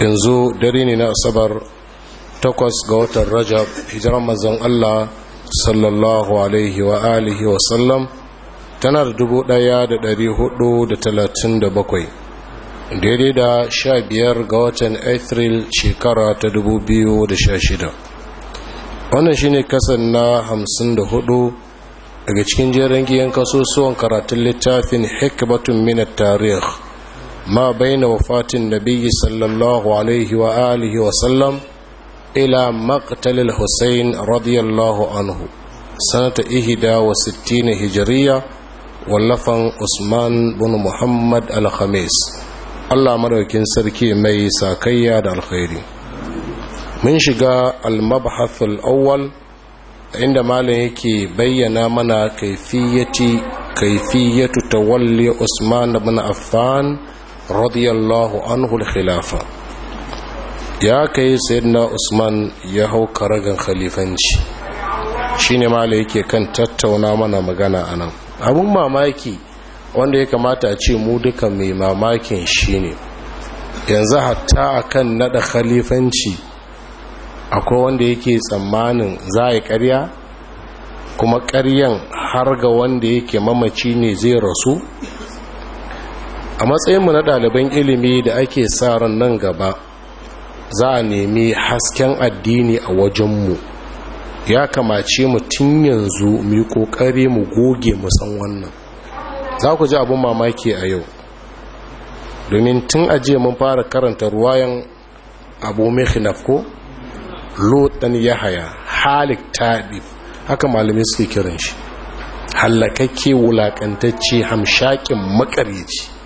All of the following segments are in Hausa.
yanzu dare ne na asabar takwas ga watan rajab hijiran mazan allah sallallahu alaihi wa alihi wa sallam tana da dubu daya da dari hudu da talatin da bakwai daidai da sha biyar ga watan april shekara ta dubu biyu da sha shida wannan shine kasan na hamsin da hudu daga cikin jerin giyan kasusuwan karatun littafin hikmatun minat tarih ما بين وفاة النبي صلى الله عليه وآله وسلم إلى مقتل الحسين رضي الله عنه سنة إهدا وستين هجرية wallafan usman bin muhammad alKhamis. allah maraukin sarki mai sakayya da alkhairi mun shiga almabhathul awwal inda malam yake bayyana mana kaifiyati kaifiyatu tawalli usman bin affan radiyallahu anhu khilafa ya kai sayyidina usman ya hau karagan khalifanci shine mala yake kan tattauna mana magana anan abun mamaki wanda ya kamata a ce mu duka mai mamakin shine yanzu hatta akan nada khalifanci akwai wanda yake tsammanin za a yi ƙarya kuma ƙaryan har ga wanda yake mamaci ne zai rasu a matsayin mu na ɗaliban ilimi da ake sa ran nan gaba za a nemi hasken addini a wajenmu ya kamace mu tun yanzu mu yi ƙoƙari mu goge mu san wannan za ku ji abin mamaki a yau domin tun ajiye mun fara karanta ruwayan abu mehinaf ko lotan yahaya halik taɗi haka malamai suke kiran shi hallakakke wulakantacce hamshakin makaryaci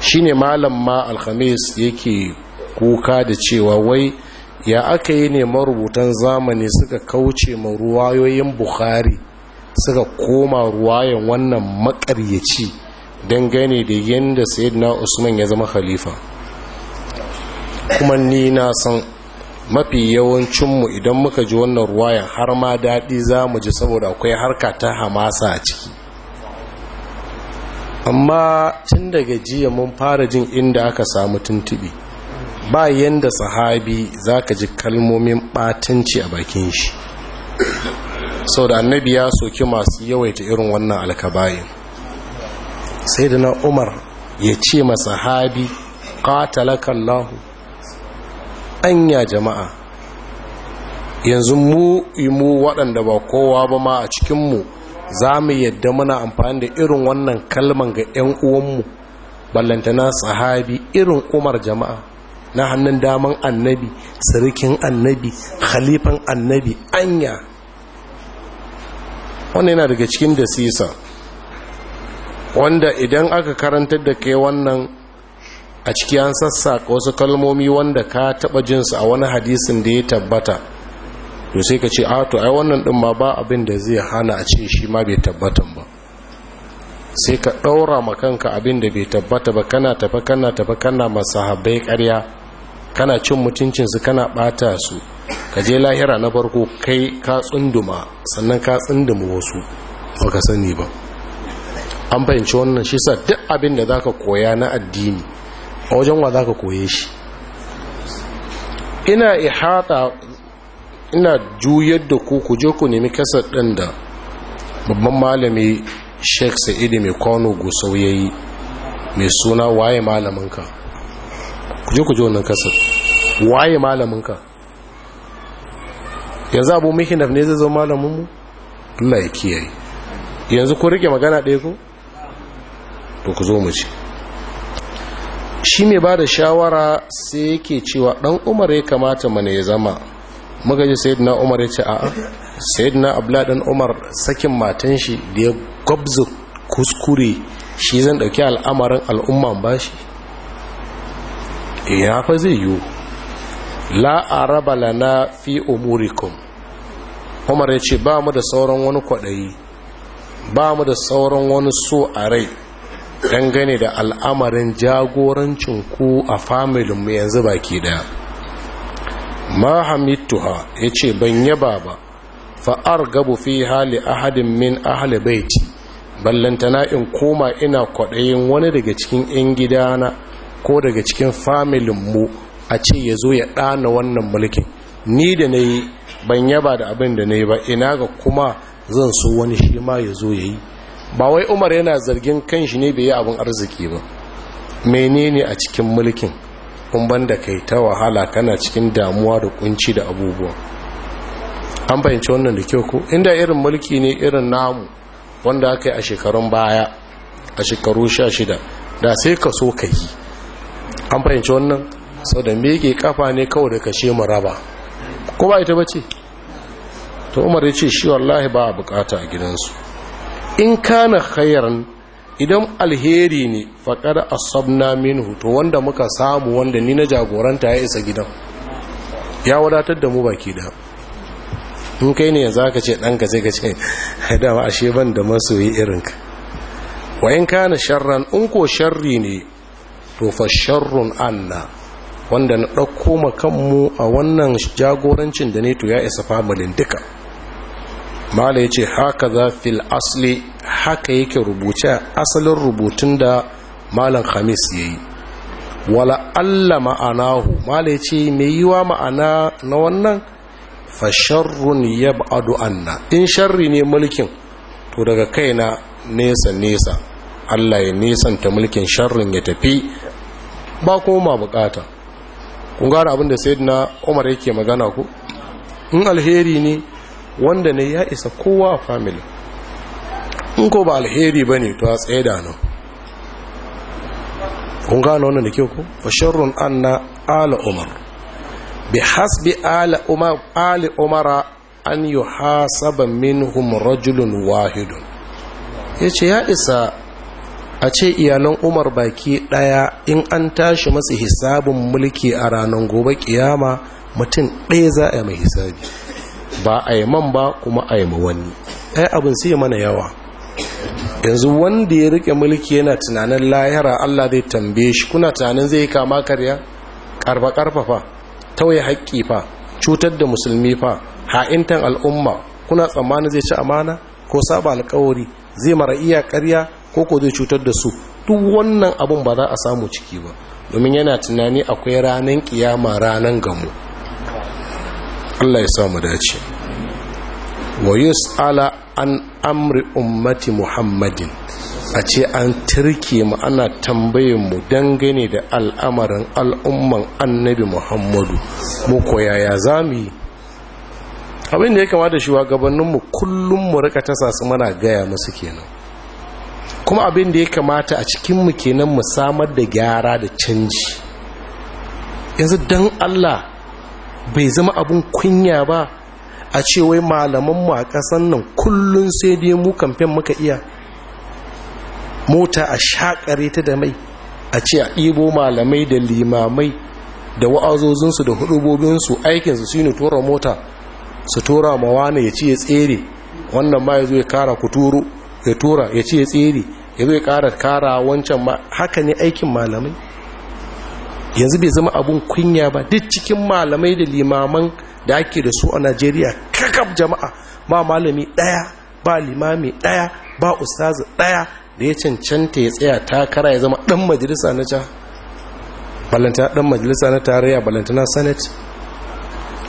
Shi ne malam ma alhamis yake kuka da cewa wai ya aka yi ne marubutan zamani suka kauce ma ruwayoyin buhari suka koma ruwayan wannan makaryaci gani da yadda sayyidina usman ya zama khalifa kuma ni na san mafi yawancinmu idan muka ji wannan ruwayan har ma daɗi za mu ji saboda akwai harka ta hamasa a ciki amma tun daga jiya mun fara jin inda aka samu tuntubi ba yanda sahabi za ka ji kalmomin batanci a bakin shi sau da annabi ya soki masu yawaita irin wannan alkabayin sai da na umar ya ce masa habi ƙatalakallahu anya jama'a yanzu mu imu waɗanda ba kowa ba ma a cikinmu za mu yadda muna amfani da irin wannan kalman ga 'yan uwanmu ballantana sahabi irin umar jama'a na hannun daman annabi sirikin annabi khalifan annabi anya wannan yana daga cikin da sisa wanda idan aka karantar da kai wannan a ciki an sassaka wasu kalmomi wanda ka taba jinsu a wani hadisin da ya tabbata to sai ka ce a to ai wannan din ma ba abin da zai hana a ce shi ma bai tabbatan ba sai ka ɗaura ma kanka abin da bai tabbata ba kana tafa kana tafa kana masahabai ƙarya kana cin mutuncinsu kana bata su ka je lahira na farko kai ka tsunduma sannan ka tsunduma wasu ba ka sani ba an fahimci wannan shi sa duk abin da za ka koya na addini a wajen wa za ka koye shi ina ihata ina juyar da ku ku je ku nemi kasar ɗin da babban malami sheikh sa'idu mai kwano gusau ya yi mai suna waye malaminka ku je ku je wannan kasar waye malaminka yanzu abu mihinaf ne zai zo malaminmu allah ya kiyaye yanzu ku rike magana ɗaya ku to ku zo mu ci shi mai ba da shawara sai yake cewa ɗan umar ya kamata mana ya zama muka ji na umar ya ce a'a sayyidina abla dan umar sakin matan shi da ya gwabza kuskure shi zan dauki al'amarin al'umman bashi ya fa zai yiwu la araba lana fi umurikum umar ya ce ba mu da sauran wani kwaɗayi ba mu da sauran wani so a rai dangane da al'amarin jagorancin ku a mu yanzu baki daya ma hamituha ya ce ban yaba ba fa'ar gabu fi hali ahadin min ahali baiti ballantana in koma ina kwaɗayin wani daga cikin 'yan gidana ko daga cikin familinmu a ce ya zo ya ɗana wannan mulkin ni da na yi ban yaba da abin da na yi ba ina ga kuma zan so wani shi ma ya zo ya yi ba wai umar yana zargin kan shi ne bai yi abin arziki ba menene a cikin mulkin kun banda kai ta wahala kana cikin damuwa da kunci da abubuwa an bayanci wannan da kyau ko inda irin mulki ne irin namu wanda aka yi a shekarun baya a shekaru sha shida da sai ka so ka yi an fahimci wannan sau da mege kafa ne kawai da kashe mu raba ko ba ita bace to umar ya ce shi wallahi ba a bukata a gidansu in kana khairan idan alheri ne faƙar asabna minhu to wanda muka samu wanda ni na jagoranta ya isa gidan ya wadatar da mu baki da in kai ne yanzu aka ce ɗanka sai ka ce dama ashe ban da masoyi irinka wayan kana sharran in ko sharri ne to fa sharrun anna wanda na ɗauko kanmu a wannan jagorancin da ne to ya isa famalin duka malai ce haka za fil asli haka yake rubuce asalin rubutun da malam hamis ya yi wala alla ma'anahu mala malai ce mai yiwa ma'ana na wannan fasharrun ya ba'adu anna in sharri ne mulkin to daga kaina nesa nesa allah ya nesanta mulkin sharrin ya tafi ba kuma ma bukata kun abinda abin da umar yake magana ku in alheri ne wanda ne ya isa kowa a family in ko ba alheri ba ne to a tsaye da nan kun gano wannan da kyau ko wa sharrun anna ala umar bi hasbi ala umar ali umara an yuhasaba minhum rajulun wahidun yace ya isa a ce iyalan umar baki daya in an tashi masu hisabin mulki a ranar gobe kiyama mutum ɗaya za a yi mai hisabi ba a yi man ba kuma a yi ma wani ai abin sai mana yawa yanzu wanda ya rike mulki yana tunanin lahira Allah zai tambaye shi kuna tunanin zai kama karya karba karfa fa tauye haƙƙi fa cutar da musulmi fa ha'intan al'umma kuna tsammanin zai ci amana ko saba alƙawari zai mara iya karya ko ko zai cutar da su duk wannan abun ba za a samu ciki ba domin yana tunani akwai ranan kiyama ranan gamu Allah ya sa mu dace wa yus'ala an amri ummati muhammadin a ce an turke mu ana tambayin mu dangane da al'amarin al'umman annabi muhammadu mu koyaya za mu yi abin da ya kamata shugabanninmu kullum mu rika tasa su mana gaya musu kenan kuma abin da ya kamata a cikinmu kenan mu samar da gyara da canji yanzu don allah bai zama abin kunya ba a ce wai malamanmu a ƙasan nan kullum sai dai mu kamfen muka iya mota a shaƙare ta da mai a ce a ɗibo malamai da limamai da wa'azozinsu da hudubobinsu aikinsu su ne tura mota su tura mawane ya ci ya tsere wannan ma ya zo ya kara kuturu ya tura ya ci ya tsere ya zo ya kara kara wancan ma haka ne aikin malamai yanzu bai zama abun kunya ba duk cikin malamai da limaman da ake da su a najeriya kakab jama'a ba malami ɗaya ba limami ɗaya ba ustazu ɗaya da ya cancanta ya tsaya takara ya zama ɗan majalisa na balanta dan majalisa na tarayya balanta na senate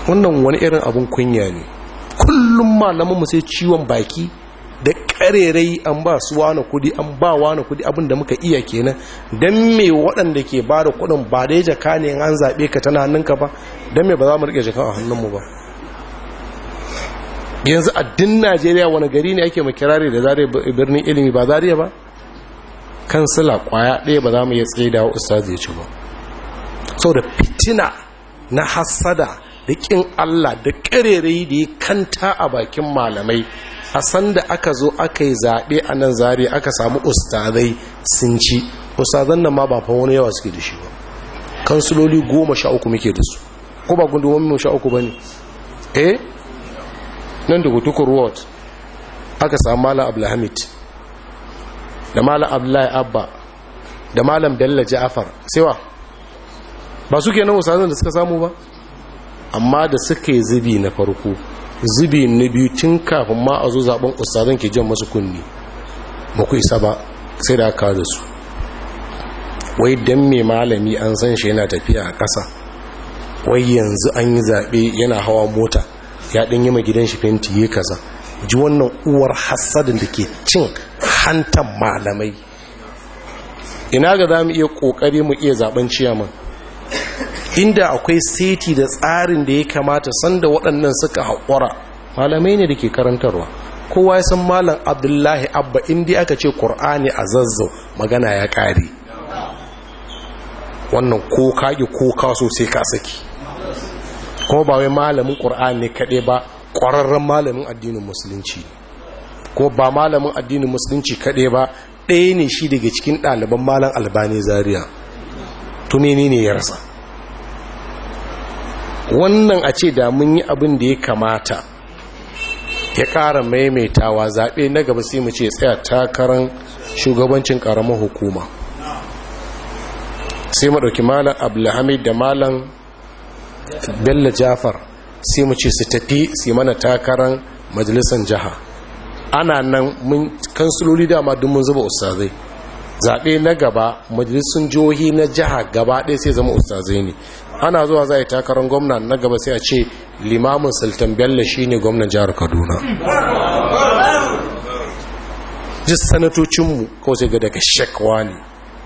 wannan wani irin abun kunya ne kullum malaman mu sai ciwon baki da karerai an ba su wani kudi an ba wani kudi abinda muka iya kenan don me waɗanda ke ba da kudin ba da ya jaka ne an zaɓe ka tana hannunka ba don me ba za mu riƙe jaka a hannunmu ba yanzu a najeriya wani gari ne ake makirari da zare birnin ilimi ba zariya ba kansila kwaya ɗaya ba za mu iya tsaye da ustazi ya ci ba sau da fitina na hassada da ƙin allah da karerai da ya kanta a bakin malamai a sanda aka zo aka yi zaɓe a nan zare aka samu ustazai sun ci ustazan nan ma ba fa wani yawa suke da shi ba kansuloli goma sha uku muke da su ko ba gundu wani sha uku ba ne eh nan da gutukur ward aka samu malam abdulhamid da malam abdullahi abba da malam bello ja'afar sewa ba suke nan ustazan da suka samu ba amma da suka yi zubi na farko zubi na biyu tun kafin ma a zo zaben ustazan ke jan masu kunni ba ku isa ba sai da aka da su wai dan mai malami an san shi yana tafiya a ƙasa wai yanzu an yi zaɓe yana hawa mota ya ɗin yi gidan shi fenti ya kasa, ji wannan uwar hassadin da ke cin hantan malamai ina ga za mu iya ƙoƙari mu iya zaben ciyaman inda akwai seti da tsarin da ya kamata sanda waɗannan suka haƙura malamai ne da ke karantarwa kowa ya san malam abdullahi abba inda aka ce ƙur'ani a zazzau magana ya ƙare wannan ko kaƙi ko kaso sai ka saki Ko ba wai malamin ƙur'ani kaɗai ba ƙwararren malamin addinin musulunci ko ba malamin addinin musulunci kaɗai ba ɗaya ne shi daga cikin ɗaliban malam albani zaria tunini ne ya rasa wannan a ce da mun yi abin da ya kamata ya kara maimaitawa zaɓe na gaba sai mu ce tsaya takarar shugabancin ƙaramin hukuma sai mu ɗauki malam abdulhamid da malam bello jafar sai mu ce su tafi su mana takarar majalisar jiha ana nan mun kansuloli dama duk mun zuba ustazai zaɓe na gaba majalisun jihohi na jiha gaba ɗaya sai zama ustazai ne ana zuwa za a yi takarar gwamna na gaba sai a ce limamin sultan bello shi ne gwamnan jihar kaduna jis sanatocinmu kawai sai ga daga shekwa ne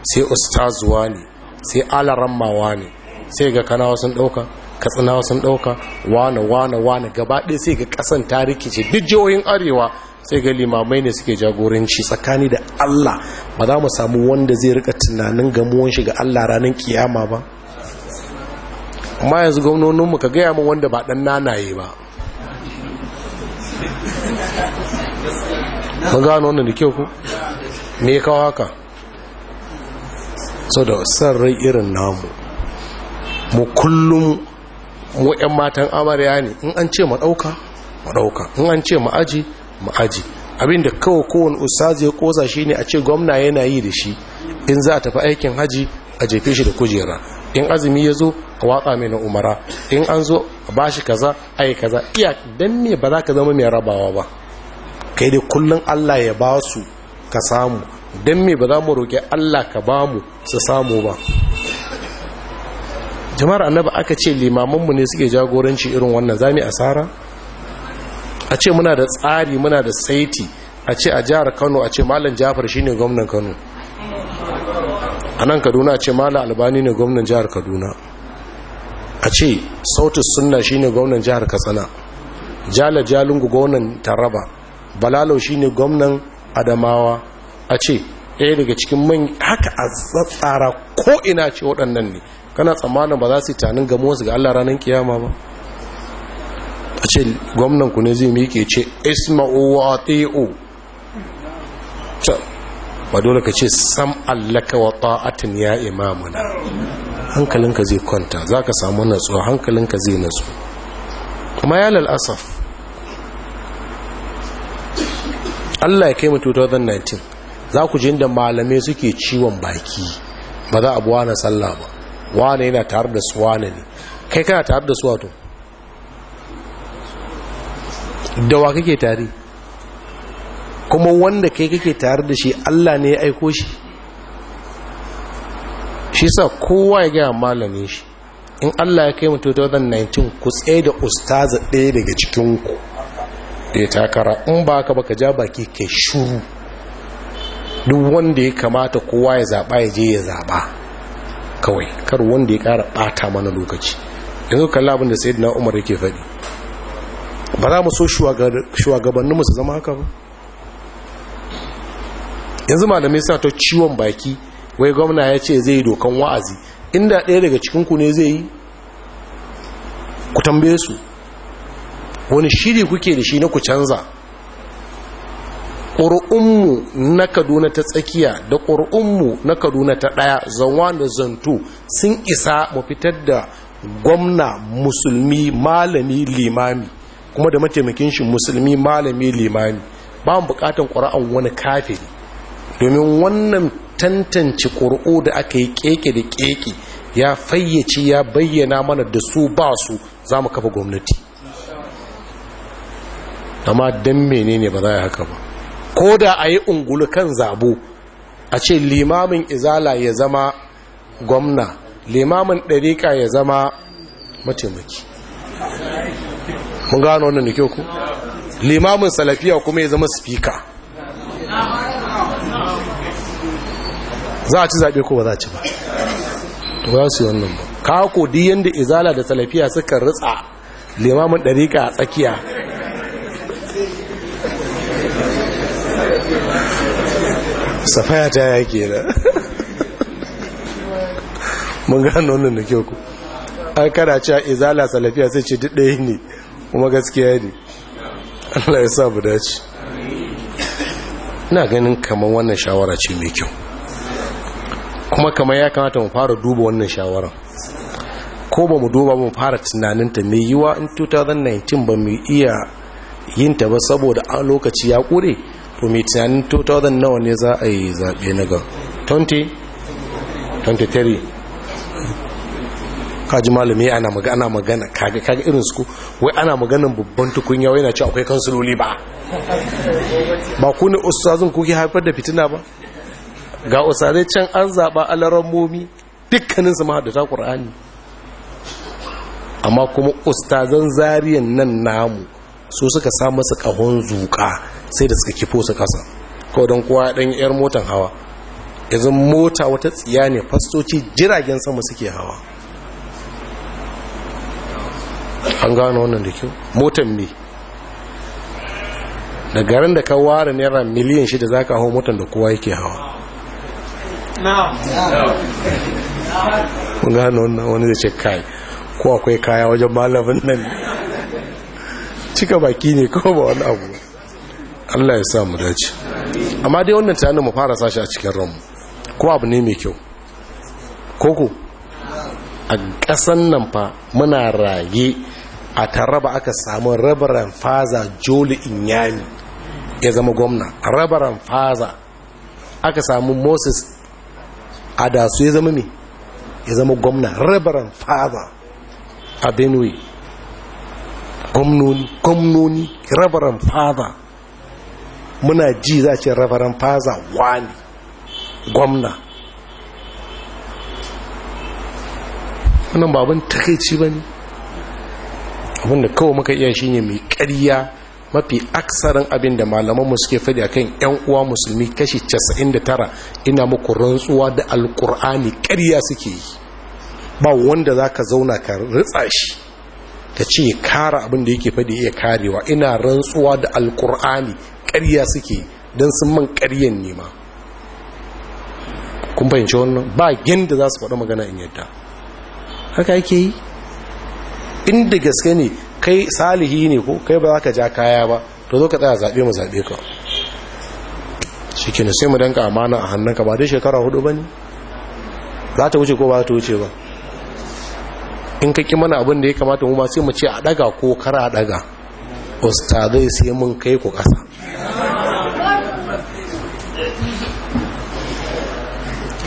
sai ustazuwa ne sai alarammawa ne sai ga kanawa sun ɗauka katsinawa sun ɗauka wane wane wane gaba ɗaya sai ga ƙasan ta rikice duk jihohin arewa sai ga limamai ne suke jagoranci tsakani da Allah ba za mu samu wanda zai rika tunanin gamuwan shi ga Allah ranar kiyama ba amma yanzu gwamnoninmu ka gaya min wanda ba dan nanaye ba ka gano wannan da kyau ku me kawo haka so da san rai irin namu mu kullum mu 'yan matan amarya ne in an ce mu ɗauka mu ɗauka in an ce mu aji ma'aji abinda kawai kowane ustazi ya kosa shi ne a ce gwamna yana yi da shi in za a tafi aikin haji a jefe shi da kujera in azumi ya zo a watsa mai na umara in an zo a ba shi kaza a yi kaza iya don me ba za ka zama mai rabawa ba kai dai kullum allah ya ba su ka samu don me ba za mu roƙi allah ka ba mu su samu ba jama'ar annaba aka ce limamanmu ne suke jagoranci irin wannan zami asara a ce muna da tsari muna da saiti a ce a jihar kano a ce malam jafar shine gwamnan kano a nan kaduna a ce malam albani ne gwamnan jihar kaduna a ce sautus sunna shine gwamnan jihar katsina jala jalin gwamnan taraba Balalau shine gwamnan adamawa a ce ɗaya daga cikin man haka a tsatsara ko ina ce waɗannan ne kana tsammanin ba za su yi tanin su ga allah ranar kiyama ba a ce gwamnan ku ne zai miƙe ce isma'u wa ati'u ba dole ka ce sam allaka wa ta'atin ya imamuna hankalinka zai kwanta za ka samu natsuwa hankalinka zai natsu kuma ya lalasaf Allah ya kai mutu 2019 za ku jin inda malamai suke ciwon baki ba za a buwa na sallah ba wane yana tare da suwa ne kai kana tare da to da wa kake tare kuma wanda kai kake tare da shi Allah ne ya aiko shi shi sa kowa ya gaya malami shi in Allah ya kai mu 2019 ku tsaye da ustaza ɗaya daga cikinku da ya takara in ba ka baka ja baki ke shuru duk wanda ya kamata kowa ya zaɓa ya je ya zaɓa kawai kar wanda ya ƙara ɓata mana lokaci yanzu kalla abin da na umar yake faɗi ba za mu so shugabanninmu su zama haka ba yanzu malamai sa ta ciwon baki wai gwamna ya ce zai dokan wa'azi inda ɗaya daga cikinku ne zai yi ku tambaye su wani shiri kuke da shi na ku canza ƙuri'unmu na kaduna ta tsakiya da ƙuri'unmu na kaduna ta ɗaya zanwa da zanto sun isa mu fitar da gwamna musulmi malami limami kuma da mataimakin shi musulmi malami limami ba mu bukatan ƙura'an wani kafiri domin wannan tantance ƙura'u da aka yi keke da keke ya fayyace ya bayyana mana da su ba su za mu kafa gwamnati amma don menene ba za a haka ba ko da a yi ungulu kan zabo a ce limamin izala ya zama gwamna limamin ɗariƙa ya zama mataimaki mun gano wannan da kyau ku limamin salafiya kuma ya zama speaker za a ci zaɓe ko ba za a ci ba to za su yi wannan ba kako di yadda izala da salafiya suka ritsa limamin ɗariƙa a tsakiya safaya ta yake da mun gano wannan da kyau ku an kada cewa izala salafiya sai ce duk ɗaya ne kuma gaskiya ne Allah ya sa buda dace ina ganin kamar wannan shawara ce mai kyau kuma kamar ya kamata mu fara duba wannan shawara. ko ba mu duba mu fara tunaninta mai yiwa in 2019 ba mu iya yin ta ba saboda a lokaci ya kure to mai tunanin 2009 nawa ne za a yi zaɓe na ga 20 23 kaji malami ana magana magana kaga kaga irin su wai ana maganan babban tukunya wai yana ce akwai kansuloli ba ba ku ne ustazun kuke haifar da fitina ba ga ustazai can an zaba alaran momi dukkanin su ta qur'ani amma kuma ustazan zariyan nan namu su suka sa masa kahon zuka sai da suka kifo su kasa ko don kowa dan yar motan hawa yanzu mota wata tsiya ne fastoci jiragen sama suke hawa an gano wannan da kyau motan me da garin da ka ware naira miliyan shida za ka hau motan da kowa yake hawa Mun gano wannan wani da ce kai ko akwai kaya wajen malamin nan cika baki ne ko ba wani abu Allah ya sa mu dace amma dai wannan tunanin mu fara sashi a cikin ranmu ko abu ne mai kyau koko a ƙasan nan fa muna rage a taraba aka samu rabaran faza joli inyami ya zama gwamna rabaran faza aka samu moses adasu ya zama me ya zama gwamna rabaran faza a benue gwamnoni gwamnoni rabaran faza muna ji za ce rabaran faza wani gwamna wannan babin takaici ba ne abinda kawai muka iya shine mai ƙarya mafi aksarin abinda da malamanmu suke fadi a kan 'yan uwa musulmi kashi 99 ina muku rantsuwa da alkur'ani ƙarya suke yi ba wanda za ka zauna ka ritsa shi ta ce kara abinda yake fadi iya karewa ina rantsuwa da alkur'ani ƙarya suke don sun man ƙaryan nema kun fahimci wannan ba da za su faɗa magana in yadda haka yake yi inda gaske ne kai salihi ne ko kai ba za ka ja kaya ba to zo ka tsaya zaɓe mu zaɓe ka shi ke sai mu danka amana a hannunka ba dai shekara hudu ba ne za ta wuce ko ba ta wuce ba in ka ƙi mana abin da ya kamata mu ba sai mu ce a ɗaga ko kara a ɗaga ustazai sai mun kai ku ƙasa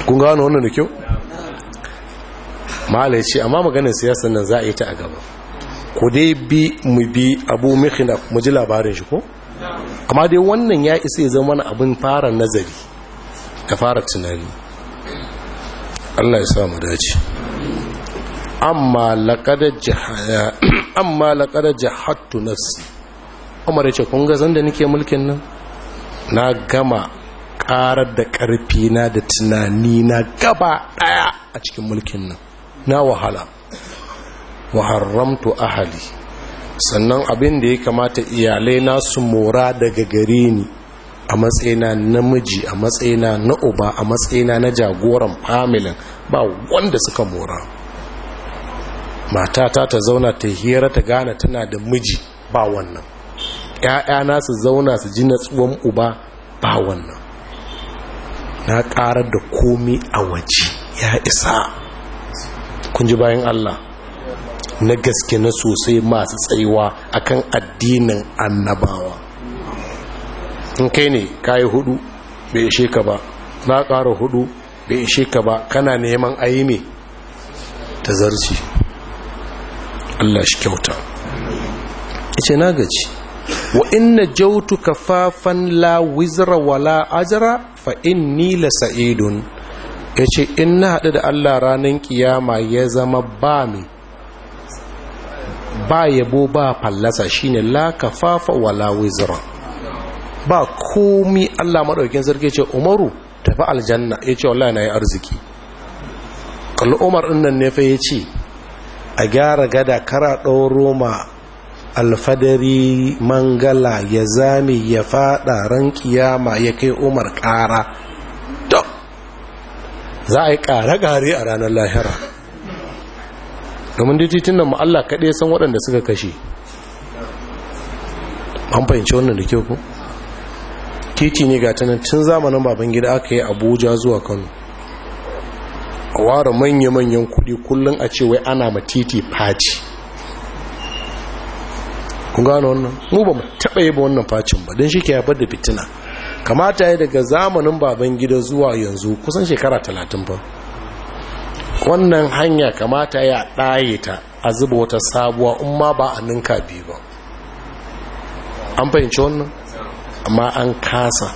kun gano wannan da kyau malai ce amma maganin siyasar nan za a yi ta a gaba ku dai bi mu bi abu mihina mu ji labarin shi ko amma dai wannan ya isa ya zama abin fara nazari da fara tunani Allah ya sa mu dace amma laqad jahattu nafsi umar ya ce kun ga zan da nake mulkin nan na gama ƙarar da karfi na da tunani na gaba ɗaya a cikin mulkin nan na wahala muharramtu ahali sannan abin da ya kamata iyalai na su mora daga gare ni a matsayina na miji a matsayina na uba a matsayina na jagoran familin ba wanda suka mora matata ta zauna ta hira ta gane tana da miji ba wannan ‘ya'yana su zauna su ji natsuwan uba ba wannan na ƙarar da komi a waje ya isa kun ji bayan Allah na gaske na sosai masu tsayuwa akan addinin annabawa in kai ne kayi hudu bai ishe ka ba na ƙara hudu bai ishe ka ba kana neman ayi ne ta zarci Allah shi kyauta ice na gaci wa inna jautu kafafan la wizra wala ajra fa inni sa'idun ya ce in na haɗu da allah ranar kiyama ya zama ba mai ba yabo ba fallasa shine la kafafa wala wizra ba komi allah maɗaukin sarki ce umaru tafi aljanna ya ce wallahi na yi arziki kalli umar ɗinnan ne fa ya ce a gyara gada kara ɗauro ma alfadari mangala ya zame ya faɗa ran kiyama ya kai umar ƙara za a yi ƙare-ƙare a ranar lahira domin titun nan Allah kaɗai san waɗanda suka kashe an fahimci wannan da kyau ku titi ne ga tanan tun zamanin baban gida aka yi abuja zuwa kano a ware manya-manyan kuɗi kullum a ce wai ana ma titi faci kun gano wannan mu ba mu taɓa yi ba wannan facin ba don shi ke haifar da fitina kamata ya daga zamanin baban gida zuwa yanzu kusan shekara talatin ba wannan hanya kamata ya ɗaye ta a zuba wata sabuwa in ma ba a ninka biyu ba an fahimci wannan amma an kasa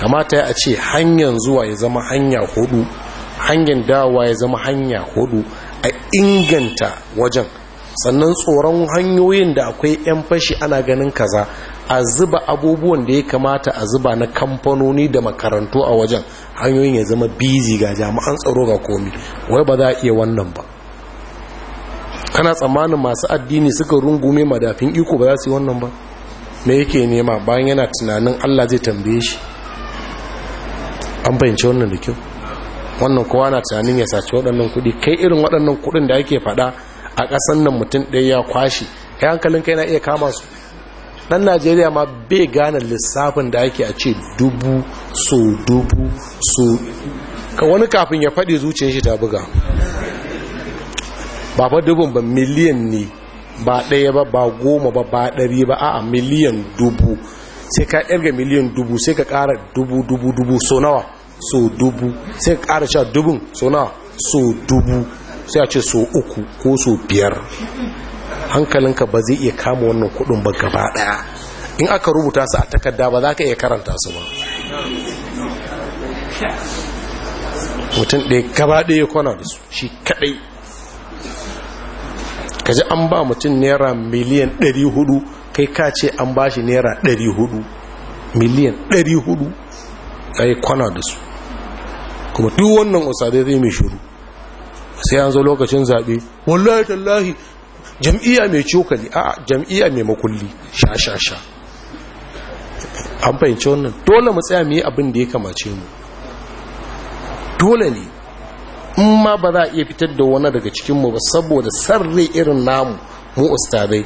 kamata ya ce hanyar zuwa ya zama hanya hudu hanyar dawa ya zama hanya hudu a inganta wajen sannan tsoron hanyoyin da akwai 'yan fashi ana ganin kaza a zuba abubuwan da ya kamata a zuba na kamfanoni da makarantu a wajen hanyoyin ya zama bizi ga jami'an tsaro ga komi wai ba za a iya wannan ba kana tsammanin masu addini suka rungume madafin iko ba za su yi wannan ba me yake nema bayan yana tunanin allah zai tambaye shi an fahimci wannan da kyau wannan kowa na tunanin ya saci waɗannan kuɗi kai irin waɗannan kuɗin da ake faɗa a ƙasan nan mutum ɗaya ya kwashe kai hankalin kai na iya kama su dan najeriya ma bai gane lissafin da ake a ce dubu so dubu so ka wani kafin ya faɗi zuciyar shi ta buga ba ba dubun ba miliyan ne ba ɗaya ba ba goma ba ba ɗari ba a miliyan dubu sai ka ɗarga miliyan dubu sai ka ƙara dubu dubu dubu so nawa so dubu sai ka ƙara sha dubun so nawa so dubu sai a ce so uku ko so biyar hankalinka ba zai iya kama wannan kudin ba gaba daya in aka rubuta su a takarda ba za ka iya karanta su ba mutum ɗaya gaba ɗaya kwana da su shi kaɗai ka ji an ba mutum naira miliyan 400 kai ka ce an ba shi naira 400 miliyan 400 ka yi kwana da su kuma duk wannan usadai zai mai shuru sai an zo lokacin zaɓe wallahi tallahi jam'iyya mai cokali a jam'iyya mai makulli sha sha sha an fahimci wannan dole mu tsaya mu yi abin da ya kamace mu dole ne in ma ba za a iya fitar da wani daga cikinmu ba saboda sarri irin namu mu ustadai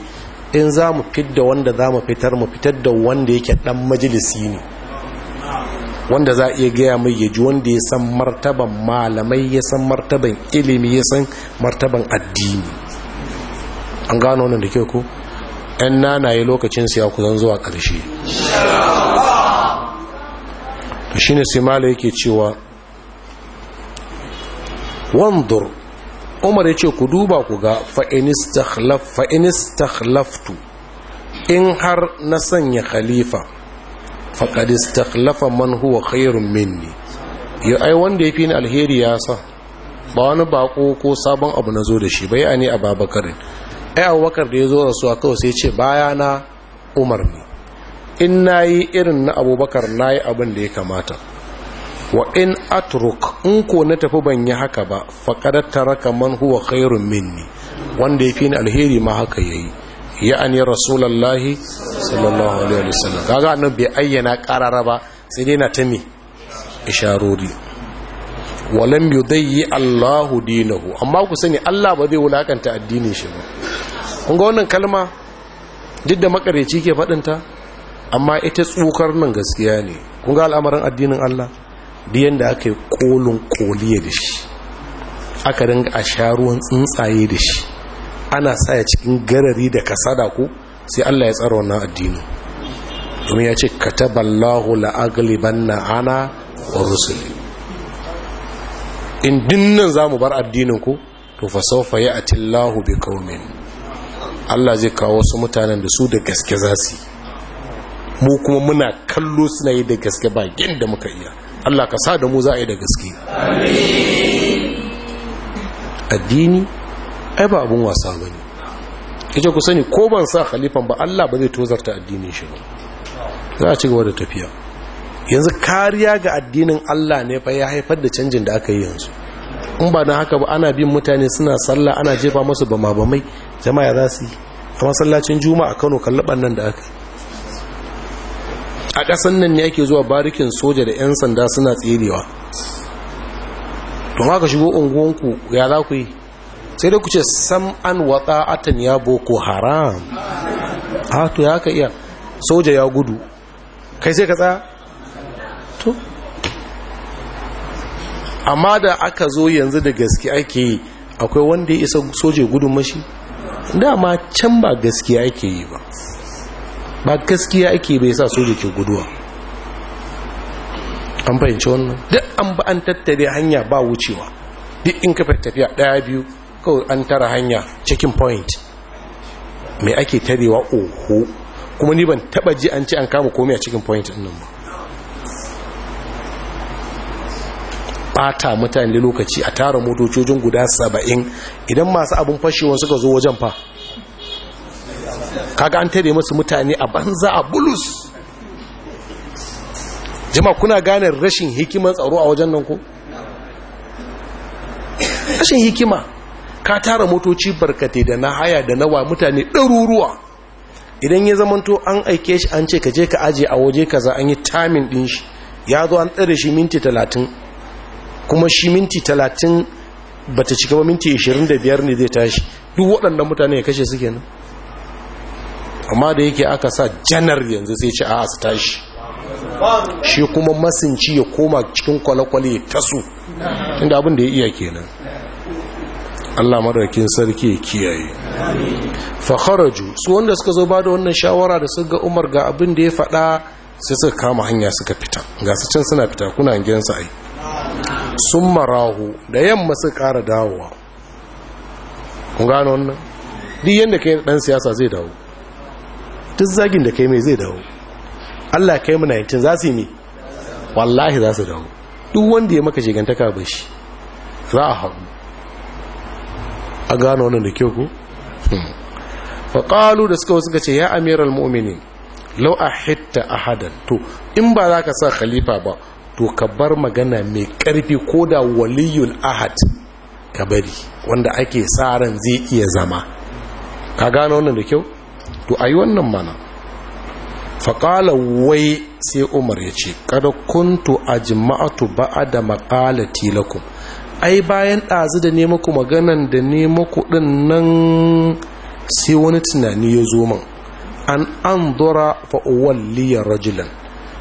in za mu fit da wanda za mu fitar mu fitar da wanda yake dan majalisi ne wanda za a iya gaya mai yaji, wanda ya san martaban malamai ya san martaban ilimi ya san martaban addini an gano wannan da ke ku ‘yan nanaye lokacin siya kusan zuwa ƙarshe da shi ne simala yake cewa wandur umar ya ce ku duba ku ga fa'inistakhlaftu in har na sanya khalifa faƙadistakhlafa man huwa khairun minni ya ai wanda ya fi ni alheri ya sa ba wani bako ko sabon abu na zo da shi bai a ne a babakarin ai abubakar da ya zo a kawai sai ce bayana umar ne in na yi irin na abubakar na yi abin da ya kamata wa in atruk in ko na tafi ban yi haka ba faƙadatta raka man huwa khairun minni wanda ya fi ni alheri ma haka ya yi ya an yi rasulallahi sallallahu alaihi wasallam kaga annan bai ayyana karara ba sai dai na ta me isharori walam yudayyi allahu dinahu amma ku sani allah ba zai wulakanta addinin shi ba kun ga wannan kalma duk da makareci ke faɗinta amma ita tsokar nan gaskiya ne kun ga al'amarin addinin Allah da yanda aka yi kolin koliya da shi aka dinga a sha ruwan tsuntsaye da shi ana sa ya cikin garari da kasada ko sai Allah ya tsara wannan addinin domin ya ce la la'aglibanna ana wa rusuli in dinnan zamu bar addinin ku to fa sawfa ya'ti Allahu bi qaumin Allah zai kawo wasu mutanen da su da gaske za su mu kuma muna kallo suna yi da gaske ba yadda muka iya Allah ka sa da mu za a yi da gaske addini ai ba abun wasa ba ne ita ku sani ko ban sa khalifan ba Allah ba zai tozarta addinin shi ba za a ci gaba da tafiya yanzu kariya ga addinin Allah ne fa ya haifar da canjin da aka yi yanzu in ba na haka ba ana bin mutane suna sallah ana jefa masu bama bamai jama'a za su yi a masallacin juma'a kano kallaban nan da aka a ƙasan nan ne ake zuwa barikin soja da 'yan sanda suna tserewa don haka shigo unguwanku ya za ku yi sai da ku ce an watsa atan ya boko haram a to ya ka iya soja ya gudu kai sai ka tsaya to amma da aka zo yanzu da gaske ake yi akwai wanda ya isa soja gudun mashi dama can ba gaskiya ake yi ba ba gaskiya ake bai sa soja ke guduwa an fahimci wannan duk an ba an tattare hanya ba wucewa duk in ka tafiya daya biyu kawai an tara hanya checking point mai ake tarewa oho kuma ni ban taba ji an ce an kama komai a cikin point din nan ba bata mutane da lokaci a tara motocin guda saba'in idan masu abin fashewa suka zo wajen fa kaga an tare masu mutane a banza a bulus jama kuna ganin rashin hikimar tsaro a wajen nan ko rashin hikima ka tara motoci barkate da na haya da nawa mutane ɗaruruwa idan ya zamanto an aike shi an ce ka je ka aje a waje kaza an yi tamin ɗin shi ya zo an tsare shi minti talatin kuma shi minti talatin ba ta cika ba minti ashirin da biyar ne zai tashi duk waɗannan mutane ya kashe suke nan amma da yake aka sa janar yanzu sai ci a su tashi shi kuma masinci ya koma cikin kwale-kwale ya taso. inda abin da ya iya kenan Allah madaukin sarki ya kiyaye fakharaju su wanda suka zo bada wannan shawara da suka ga Umar ga abin da ya faɗa sai suka kama hanya suka fita ga su can suna fita kuna hangen ai sun marahu da yamma su kara dawowa kun gano wannan duk yadda kai dan siyasa zai dawo duk zagin da kai mai zai dawo Allah kai mu 19 za su yi mi wallahi za su dawo duk wanda ya maka shigantaka ba shi za a haɗu a gano wannan da kyau ku hmm. faƙalu da suka suka ce ya amiral mu'minin lau a hita a ahadan to in ba za ka sa khalifa ba to ka bar magana mai ƙarfi ko da waliyul ahad ka bari wanda ake sa ran zai iya zama ka gano wannan da kyau to a yi wannan mana faƙala wai sai umar ya ce kada kuntu a jima'atu ba'a da maƙala tilakun ai bayan ɗazu da nemaku maganan da nemaku ɗin nan sai wani tunani ya zo man an an dora fa'uwalliyar rajulan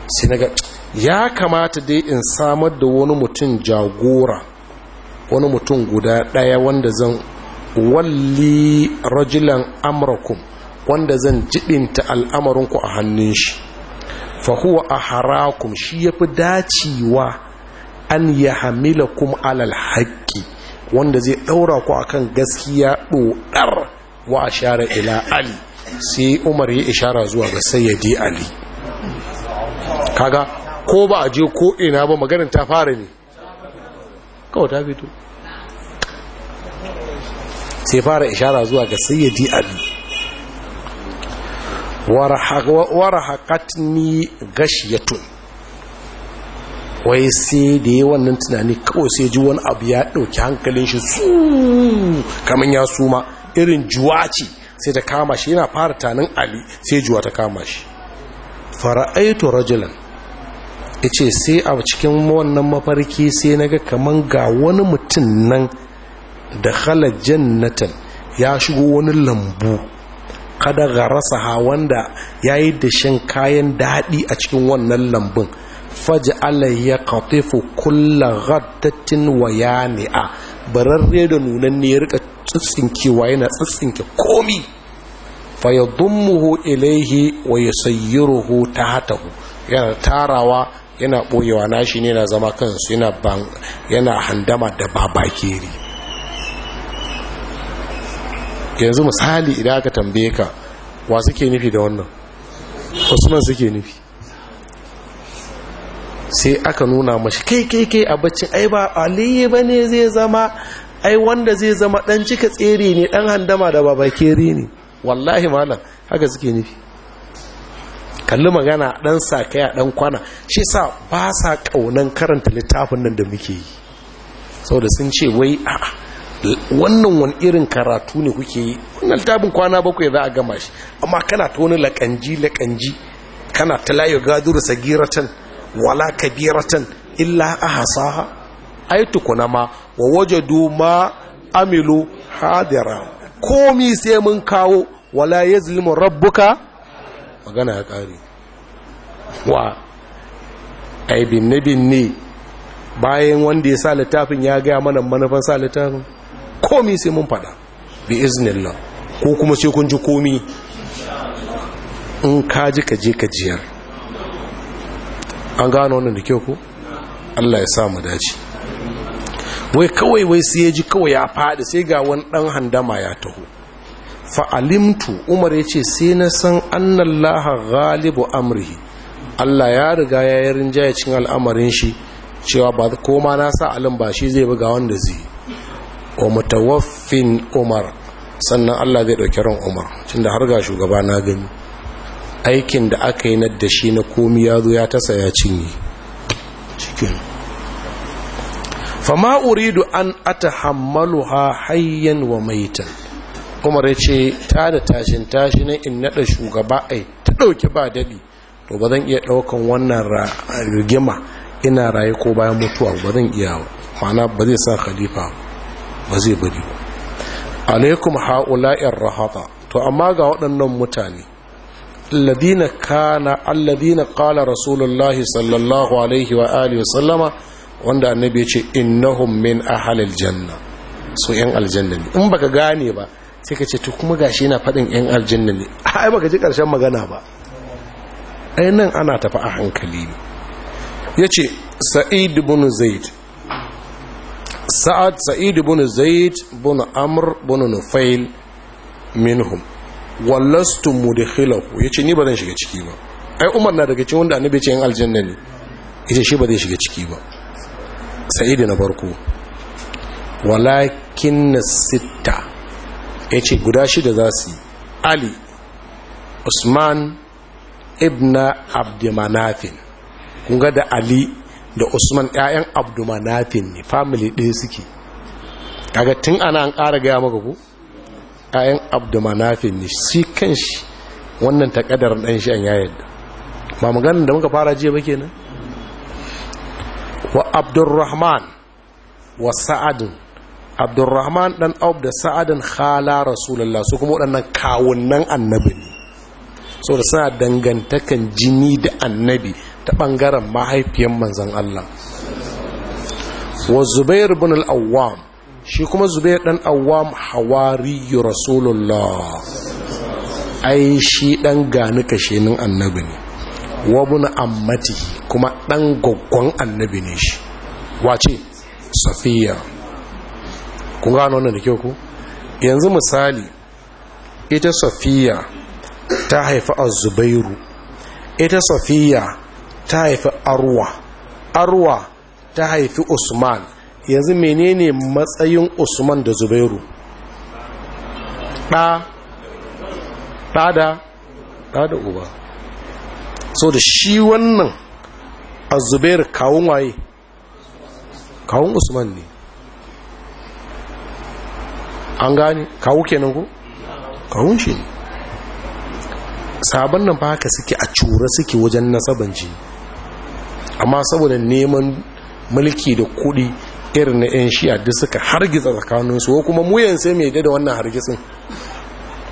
sai na ga ya kamata dai in samar da wani mutum jagora wani mutum guda ɗaya wanda zan walli rajilan amrakum wanda zan jiɗinta al'amarinku a hannun shi fahuwa a harakum shi ya fi dacewa an ya hamila kuma alal haƙƙi wanda zai ɗaura ku akan gaskiya ɗoɗar wa a share ila ali sai umar ya ishara zuwa ga sayyadi ali kaga ko ba a je ko ina ba maganin ta fara ne kawai ta fito sai fara ishara zuwa ga sayyadi ali ya gashiyatun wai sai da yi wannan tunani kawai sai ji wani abu ya ɗauki hankalin shi su kamar ya suma irin juwa ce sai ta kama shi yana fara tanin ali sai juwa ta kama shi aito rajulan ya ce sai a cikin wannan mafarki sai na ga kaman ga wani mutum nan da halajen natal ya shigo wani lambu kada ga garasaha wanda ya yi dashen kayan daɗi a cikin wannan lambun faji ya katifu kulla gaddatin wa a bararre da nunan ne ya rika tsitsinkewa yana tsintsinke komi fa ya ilaihi wa ya sayyiruhu ta hatahu yana tarawa yana ɓoyewa nashi ne na zama kansu yana handama da babakeri yanzu misali idan aka tambaye ka wa suke nufi da wannan usman suke nufi sai aka nuna mashi kai kai kai a baccin ai ba aliyu ba ne zai zama ai wanda zai zama dan cika tsere ne dan handama da babakeri ne wallahi malam haka suke nufi kalli magana dan sa kai a dan kwana shi sa ba sa kaunan karanta littafin nan da muke yi saboda sun ce wai a wannan wani irin karatu ne kuke yi wannan littafin kwana bakwai za a gama shi amma kana ta wani lakanji lakanji kana ta layo sagiratan wala kabiratan illa ahsaha ai tukuna ma wa wajadu ma amilu hadira komi sai mun kawo wala yazlimu rabbuka magana ya wa aibin binne binne bayan wanda ya sa littafin ya gaya mana manufan sa littafin komi sai mun fada bi iznillah ko kuma sai kun ji komi in ka ji ka je ka jiyar an gano wannan da kyau ko Allah ya samu daji. wai kawai wai sai ya ji kawai ya faɗi sai ga wani ɗan handama ya taho fa'alimtu umar ya ce sai na san annan laha galibu amri allah ya riga ya yi rinjaye cin al'amarin shi cewa ba koma na sa ba shi zai buga wanda zai wa mutawaffin umar sannan allah zai ɗauki ran umar cin da har ga shugaba na gani aikin da aka yi na da shi na komi ya zo ya tasa ya cinye cikin fama uridu an atahammaluha hayyan wa maitan kuma ya ce ta da tashin tashi na in naɗa shugaba ai ta dauki ba daɗi to ba zan iya ɗaukan wannan rigima ina raye ko bayan mutuwa ba zan iya mana ba zai sa khalifa ba zai bari alaikum ha'ula'in rahata to amma ga waɗannan mutane alladina kana alladina qala rasulullahi sallallahu alaihi wa alihi wasallama wanda annabi ya ce innahum min ahlil janna su yan aljanna ne in baka gane ba sai ka ce to kuma gashi yana faɗin yan aljanna ne ai baka ji ƙarshen magana ba ai nan ana tafi a hankali ne yace sa'id ibn zaid sa'ad sa'id ibn zaid ibn amr ibn nufail minhum wallastu mudkhilahu yace ni ba zan shiga ciki ba ai umar na daga cikin wanda annabi ce yan aljanna ne yace shi ba zai shiga ciki ba sa'id na farko walakin sitta ya ce guda shida za su ali usman ibn abdumanafin kunga da ali da usman 'ya'yan abdumanafin ne family ɗaya suke kaga tun ana an ƙara gaya maka ku 'ya'yan abdumanafin ne shi kan shi wannan ƙadar ɗan shi an da ba maganin da muka fara jiya ba kenan wa abdurrahman wa sa'adun abdurrahman dan aub da sa'adin khala rasulullah su kuma waɗannan kawunan annabi ne saboda suna dangantakan jini da annabi ta ɓangaren mahaifiyan manzan Allah wa zubair bin awwam shi kuma zubair ɗan awwam hawari rasulullah ai shi ɗan gani kashenin annabi ne wa bin ammati kuma ɗan goggon annabi ne shi wace safiya Ku gano wannan da kyau ku yanzu misali ita safiya ta haifi azubairu ita safiya ta haifi arwa arwa ta haifi usman yanzu menene matsayin usman da zubairu ɗa ɗa da uba so da shi wannan azubairu kawun waye kawun usman ne an gane kawo kenan ku kawo shi sabon nan ba haka suke a cura suke wajen nasaban ji amma saboda neman mulki da kuɗi irin na 'yan shi'a duk suka hargitsa tsakaninsu ko kuma muyan sai mai da wannan hargitsin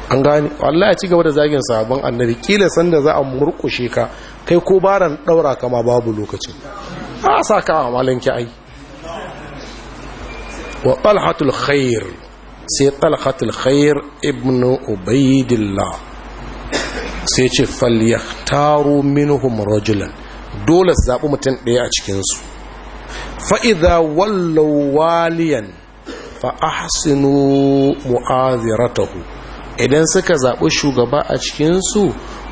an gane Allah ya ci gaba da zagin sabon annabi kila sanda za a murkushe ka kai ko baran daura kama babu lokaci a sa ka a malanki ai wa talhatul khair sai talhatul khair ibn ubaidillah sai ce taro minhum rajulan dole su zaɓi mutum ɗaya a cikinsu fa'iza wallau waliyan fa'ahsinu mu'aziratahu idan suka zaɓi shugaba a cikinsu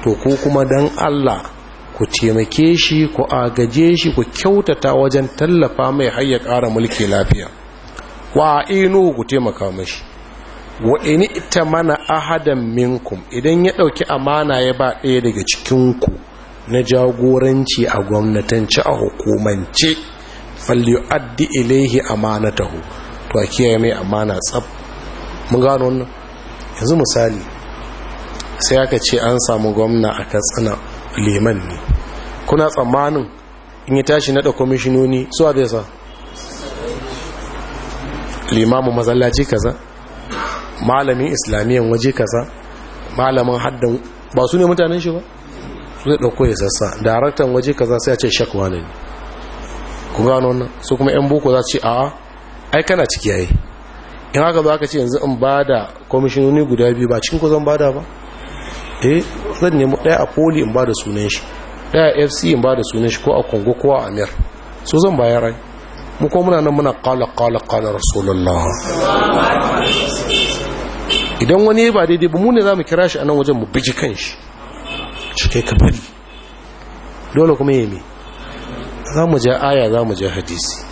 to ko kuma dan Allah ku taimake shi ku agaje shi ku kyautata wajen tallafa mai hayya ƙara mulki lafiya wa inu ku taimaka mashi wa ini ita mana ahadan minkum idan ya ɗauki amana ya ba ɗaya daga cikinku na jagoranci a gwamnatanci a hukumance falli addi ilaihi amanatahu to a kiyaye mai amana tsab mun gano wannan yanzu misali sai aka ce an samu gwamna a katsina liman ne kuna tsammanin in ya tashi na da kwamishinoni suwa zai sa limamin mazallaci kaza malamin islamiyan waje kaza malamin haddan ba su ne mutanen shi ba su zai ɗauko ya sassa daraktan waje kaza sai a ce shakwa ne ku gano wannan su kuma yan boko za su ce a'a ai kana ciki yayi in haka za ka ce yanzu in ba da kwamishinoni guda biyu ba cikin ku zan ba da ba eh zan nemi ɗaya a poli in ba da sunan shi ɗaya fc in ba da sunan shi ko a kongo ko a amir su zan bayar rai mu ko muna nan muna kala kala kala rasulullah idan wani ba daidai ba mu ne mu kira shi a nan wajen mu biji kanshi kai ka bari dole kuma yi Za mu ja aya za mu ja hadisi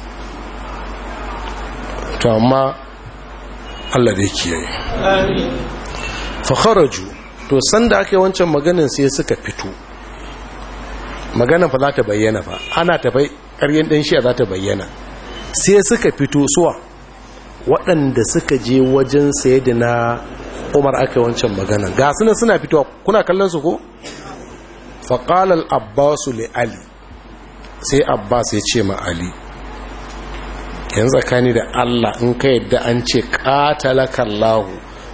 to amma Allah da yake yi fa to sanda ake wancan maganin sai suka fito maganin fa za ta bayyana fa ana tafai ƙaryen ɗan a za ta bayyana sai suka fito suwa waɗanda suka je wajen na umar aka wancan magana ga suna suna fitowa kuna kallon su ko faƙalar abbasu le ali sai abbas ya ce ma ali yan tsakani da allah in ka yadda an ce ƙatalakan kallahu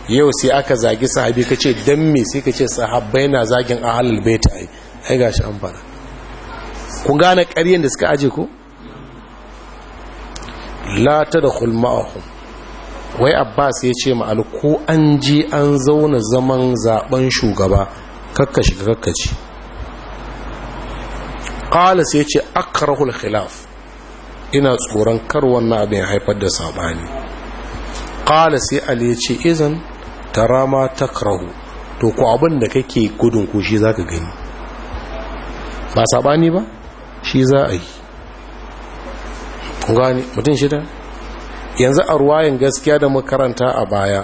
yau sai aka zagi sahabi ka ce don me sai ka ce sahabbai na zagin ahalar bai ta ai gashi an fara ku gane ƙaryen da suka aje ku? la da ma'ahum wai abbas ya ce ma'al ko an ji an zauna zaman zaben shugaba kakashi shiga kakka ci qala sai ce akrahul khilaf ina tsoron kar wannan abin haifar da saɓani. qala sai ali ya ce izan rama ta karahu to ku abin da kake gudun ku shi ka gani ba saɓani ba shi za a yi gani mutum shida yanzu a ruwayin gaskiya da makaranta a baya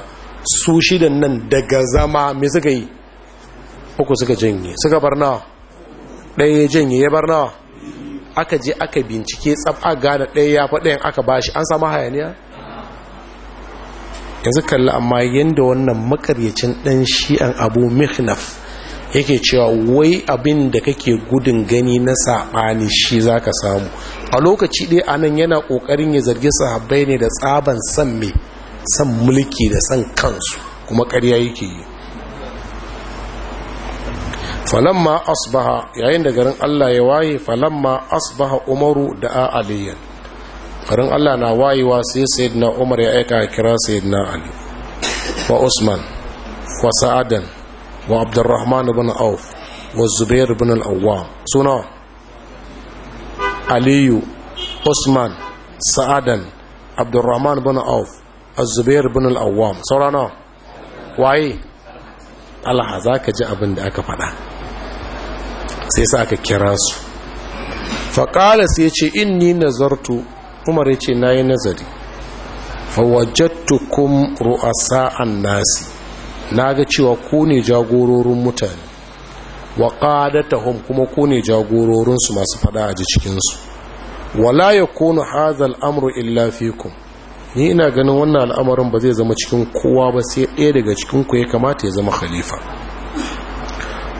su shidan nan daga zama mai suka yi uku suka janye suka bar nawa ɗaya ya janye ya bar nawa aka je aka bincike tsab gane ɗaya ya faɗa yin aka bashi an samu hayaniya yanzu kalli amma yadda wannan makaryacin ɗan shi'an abu mihnaf yake cewa wai abin da kake gudun gani na saɓani shi za ka samu a lokaci ɗaya a nan yana ƙoƙarin ya zargi sahabbai ne da tsaban san mai san mulki da san kansu kuma karya yake yi falamma asbaha yayin da garin Allah ya waye falamma asbaha umaru da a aliyan garin Allah na wayewa sai sayyidina umar ya aika kira sayyidina ali wa usman wa sa'adan wa abdurrahman ibn auf wa Zubairu ibn al suna aliyu usman sa'adan abdurrahman bin auf azubair bin al'awwam saurana waye Allah za ka ji abin da aka faɗa sai sa ka kira su faƙala sai ce inni nazartu umar ya ce na yi nazari fawajattukum sa'an nasi na ga cewa ku ne jagororin mutane wa qadatahum kuma ku ne jagororin su masu fada a ji cikinsu. wala yakunu hadha al-amru illa ni ina ganin wannan al'amarin ba zai zama cikin kowa ba sai ɗaya daga cikin ku ya kamata ya zama khalifa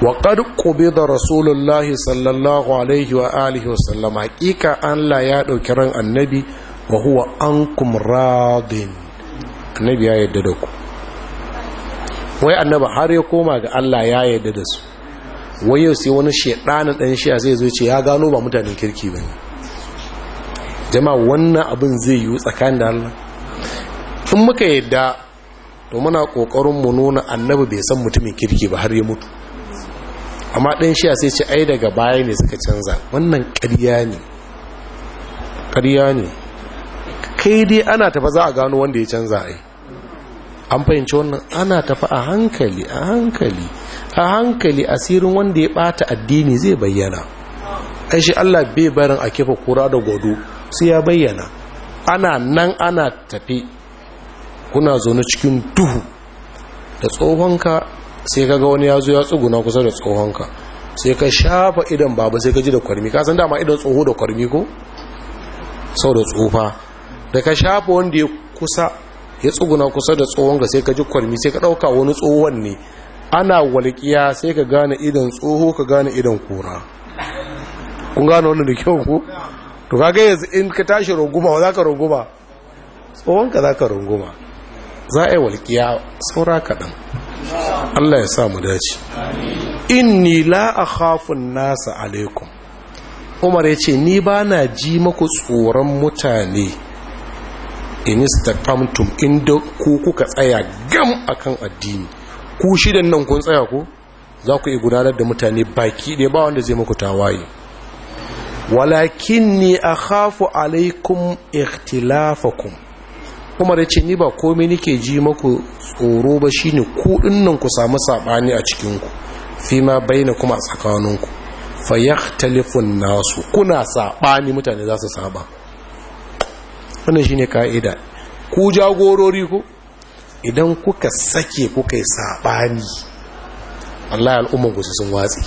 wa qad qubida rasulullahi sallallahu alaihi wa alihi wa sallama haqiqa Allah ya dauki ran annabi wa huwa ankum radin annabi ya yadda da wai annaba har ya koma ga Allah ya yadda da su yau sai wani shedanin dan shiya zai zo ce ya gano ba mutanen kirki bane jama'a wannan abin zai yi tsakanin da Allah Tun muka yadda to muna kokarin mu nuna annabi bai san mutumin kirki ba har ya mutu amma dan shiya sai ce ai daga baya ne suka canza wannan ƙarya ne ƙarya ne kai dai ana tafa za a gano wanda ya canza ai an fahimci wannan ana tafa a hankali a hankali a hankali asirin wanda ya bata addini zai bayyana ai shi Allah bai barin a kifa kura da godo sai ya bayyana ana nan ana tafi kuna zaune cikin duhu da tsohonka sai kaga wani ya zo ya tsuguna kusa da tsohonka sai ka shafa idan baba sai ka ji da kwarmi ka san dama idan tsoho da kwarmi ko sau da tsofa da ka shafa wanda ya kusa ya tsuguna kusa da tsohonka sai ka ji kwarmi sai ka ɗauka wani tsohon ne ana walƙiya sai ka gane idan tsoho ka gane idan kura kun gane wannan da kyau ku to kaga yanzu in ka tashi runguma za ka runguma ka za ka runguma za a yi walƙiya saura kaɗan Allah ya sa mu dace inni la a hafin nasa alaikum umar ya ce ni ba na ji maku tsoron mutane in istaqamtum inda ku kuka tsaya gam akan addini ku shidan nan kun tsaya ku? za ku yi gudanar da mutane baki ne ba wanda zai muku tawaye walakin ni a hafu alaikum ikhtilafakun kuma da ce ni ba komai nike ji maku tsoro ba shine kuɗin nan ku samu saɓani a cikinku fi ma baina kuma tsakaninku fayyar talifin nasu kuna saɓani mutane za su saba wannan shine ka'ida ku jagorori ko idan kuka sake kuka yi saɓani Allah al'umma gusa sun watsi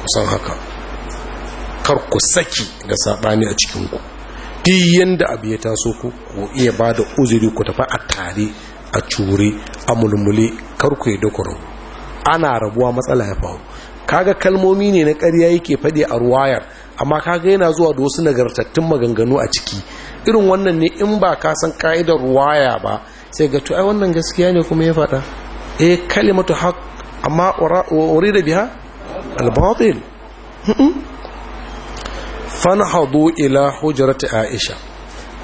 kusan haka kar ku sake ga saɓani a cikinku Fi yadda abu ya taso ku ku iya ba da uzuri ku tafi a tare a cure a mulmule kar ku yi da ana rabuwa matsala ya faru kaga kalmomi ne na ƙarya yake faɗi a ruwayar amma kaga yana zuwa da wasu nagartattun maganganu a ciki irin wannan ne in ba ka san ka'idar ruwaya ba sai ga to wannan gaskiya ne kuma ya faɗa eh kalimatu haq amma urida biha al-batil fanhadu ila hujrati aisha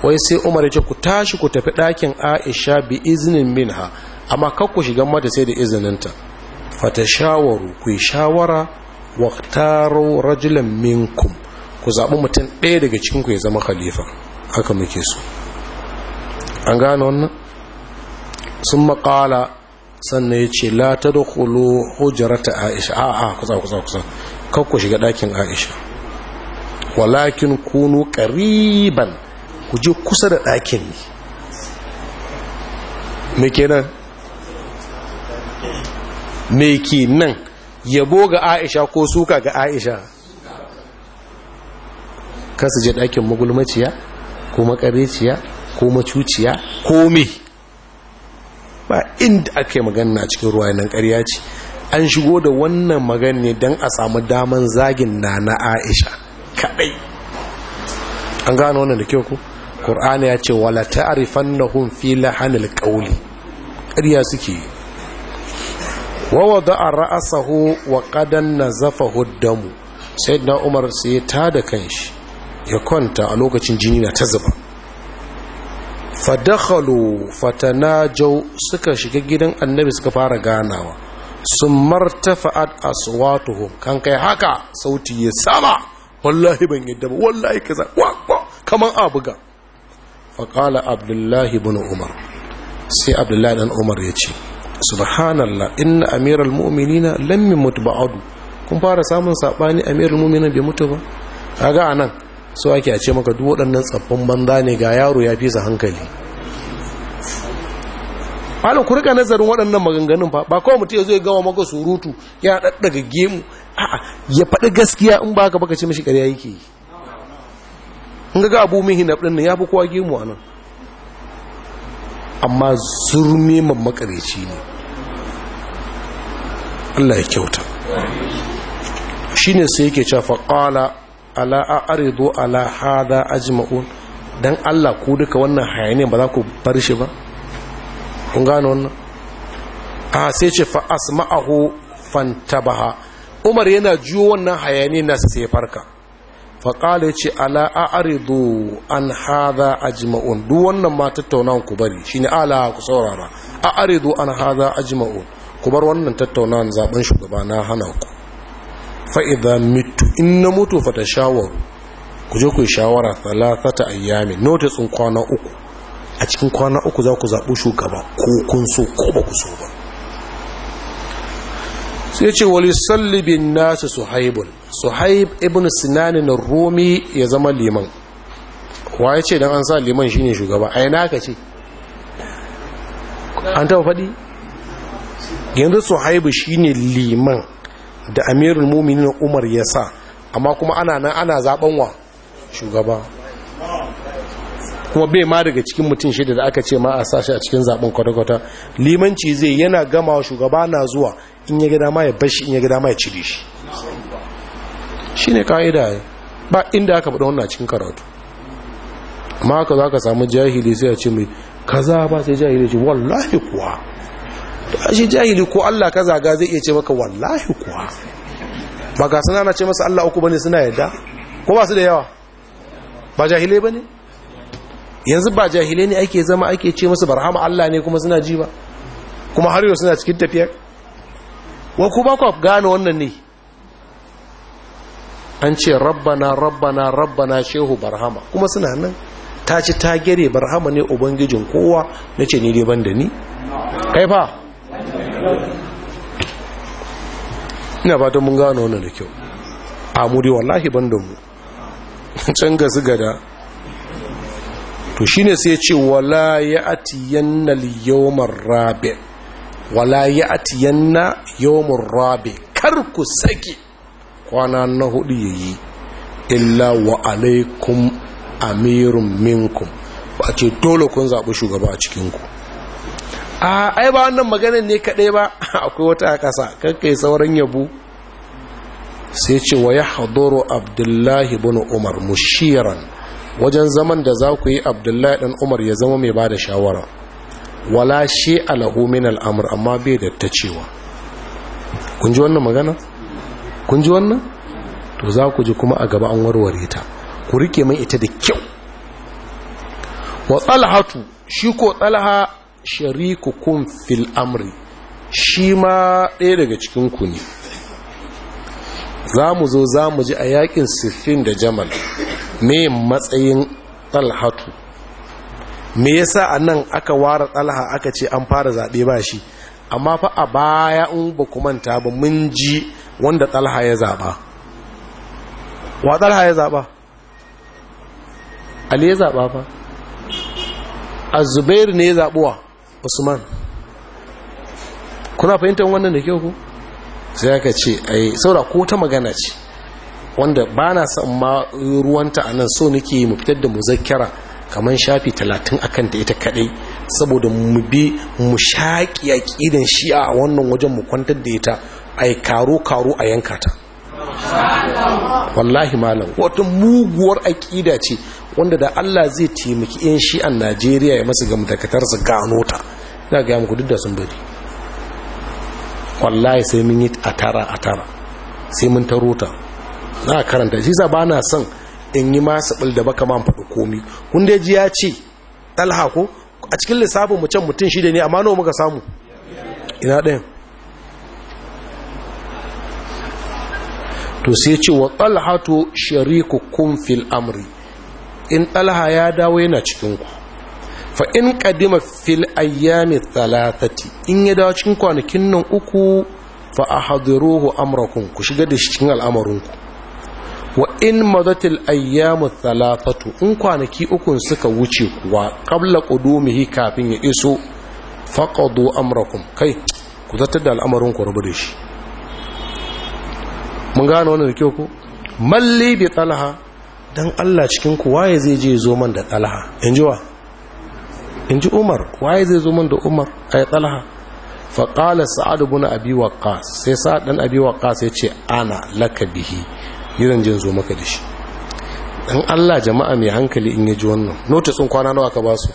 wai sai umar ya ce ku tashi ku tafi dakin aisha bi iznin minha amma kar ku shiga mata sai da izininta fatashawaru ku yi shawara waqtaru rajulan minkum ku zaɓi mutum ɗaya daga cikin ku ya zama khalifa haka muke so an gane wannan sun makala sannan ya ce la ta dukulu hujjarata aisha a'a kusa kusa kusa kakku shiga ɗakin aisha walakin kunu kariban ku je kusa da ɗakin ne meke nan? me nan yabo ga aisha ko suka ga aisha kasu je ɗakin magulmaciya ko makariciya ko macuciya ko me ba inda aka yi magana cikin ruwa nan ƙarya ce an shigo da wannan magani ne don a samu daman zagin na na aisha kaɗai an gano wannan da kyau ku ƙur'ani ya ce wala ta'arifan na hun fila hannun ƙauli ƙarya suke yi wawa da a hu wa ƙadan na zafa huddamu sai na umar sai ta da kanshi ya kwanta a lokacin jini na ta zuba fadakhalu fatanajau suka shiga gidan annabi suka fara ganawa sun martafa'at aswatuhum kan kai haka sauti ya sama wallahi ban yadda ba wallahi kaza wa kaman abuga faqala abdullahi ibn umar sai abdullahi dan umar ya ce subhanallah inna amiral mu'minina lam mutu ba'du kun fara samun sabani amiral mu'minina bai mutu ba kaga anan so ake a ce maka duk waɗannan tsaffin banza ne ga yaro ya fi sa hankali malam ku rika nazarin waɗannan maganganun fa ba kawai mutu ya zo ya gama maka surutu ya ɗaɗɗaga gemu a'a ya faɗi gaskiya in ba ka baka ce mashi ƙarya yake yi in ga abu mihi na ɗin ya fi kowa gemu a nan amma zurme man makareci ne Allah ya kyauta Shi ne sai yake cafa ala a'ridu ala hada ajma'un dan Allah ku duka wannan hayaniyan ba za ku bar shi ba kun gano wannan a sai ce fa asma'ahu fantabaha Umar yana juyo wannan hayaniyan nasa sai farka fa qala yace ala a'ridu an hada ajma'un duk wannan ma tattaunawan ku bari shine ala ku saurara a'ridu an hada ajma'un ku bar wannan tattaunawan zaben shugaba na hana ku fa'iza mitu in na mutu fata shawaru ku je ku yi shawara talatata ayyami notisin kwana uku a cikin kwana uku za ku zaɓi shugaba ko kun so ko ba ku so ba sai ce wali sallibin nasu su haib ibn sinanin romi ya zama liman wa ya ce don an sa liman shine shugaba a yana ka ce an taɓa faɗi yanzu suhaibu shine liman da amirul muminin umar ya sa amma kuma ana nan ana zaben wa shugaba kuma bai ma daga cikin mutum shida da aka ce ma a sashi a cikin zaben kwata-kwata limanci zai yana gama wa shugaba na zuwa in ya gida ma ya bashi in ya gida ma ya cire shi shi ne ka'ida ba inda aka faɗa wannan cikin karatu amma haka za ka samu jahili sai a ce mai kaza ba sai jahili ce wallahi kuwa shi jahili ko Allah ka zaga zai iya ce maka wallahi kuwa ba ga suna na ce masa Allah uku bane suna yadda ko ba su da yawa ba ba bane yanzu ba jahile ne ake zama ake ce masu barhama Allah ne kuma suna ji ba kuma har yau suna cikin tafiya wa ku ba ku gane wannan ne an ce rabbana rabbana rabbana shehu barhama kuma suna nan ta ci ta gere barhama ne ubangijin kowa na ce ni dai ban da ni kai fa ina fatan mun gano wani da kyau amuri wallahi ban da mu can ga gada to shi ne sai ce wala ati yanna yawmar rabe wala ya'tiyanna yawmar Rabe kar ku sake kwana na hudu yayi illa wa alaikum amirun minkum ba ce dole kun zaɓi shugaba a cikinku a ai ba wannan maganar ne kaɗai ba akwai wata a ƙasa kankai sauran yabo sai ce wa ya hadoro abdullahi bin umar mushiran wajen zaman da za ku yi abdullahi ɗan umar ya zama mai ba da shawara wala shi alahu min al'amur amma bai da ta cewa kun ji wannan magana? kun ji wannan? to za ku ji kuma a gaba an warware ta ku rike mai ita da kyau wa tsalhatu shi ko tsalha sharikukum fil amri shi ma ɗaya daga cikinku ne za mu zo za mu ji a yakin siffin da jamal me matsayin talhatu me yasa a nan aka ware talha aka ce an fara zaɓe ba shi amma fa a baya in ba manta ba mun ji wanda talha ya zaɓa wa talha ya zaɓa ali ya zaɓa ba a zubairu ne ya zaɓuwa usman kuna fahimtar wannan da kyau ku sai aka ce ai saura ko ta magana ce wanda ba na san ma ruwanta a so nake mu fitar da muzakkara kamar shafi talatin akan ta ita kadai saboda mu bi mu shaki aƙidan shi'a a wannan wajen mu kwantar da ita ai karo karo a yanka ta wallahi malam wata muguwar aƙida ce wanda da Allah zai taimaki yan shi'an Najeriya ya masu gamdakatar su gano ta ina ga yamku duk da sun bari wallahi sai mun yi a atara sai mun taro ta na karanta shi sa bana son in yi masu bil da baka man faɗi komi kun dai ji ya ce talha ko a cikin lissafin mu can mutum shida ne amma nawa muka samu ina ɗayan to sai ce wa talhatu shariku kun fil amri in ɗalha ya dawo yana cikinku fa in ƙadima fil ayyami talatati in ya dawo cikin kwanakin nan uku fa a hadiruhu amurakun ku shiga da shi cikin al'amarinku wa in mazatil ayyami talatatu in kwanaki ukun suka wuce kuwa qabla qudumihi kafin ya iso faƙadu amurakun kai ku zartar da al'amarin ku rubu da shi mun gane wannan da kyau ko malli bi talha Dan allah cikin ku waye zai je zo man da talha in ji wa in ji umar waye zai zo man da umar ai eh, talha qala sa'adu ibn abi waqqas sai sa'ad dan abi waqqas yace ce ana laka bihi yiran jin zo maka da shi dan allah jama'a mai hankali in yaji wannan sun kwana nawa ka basu su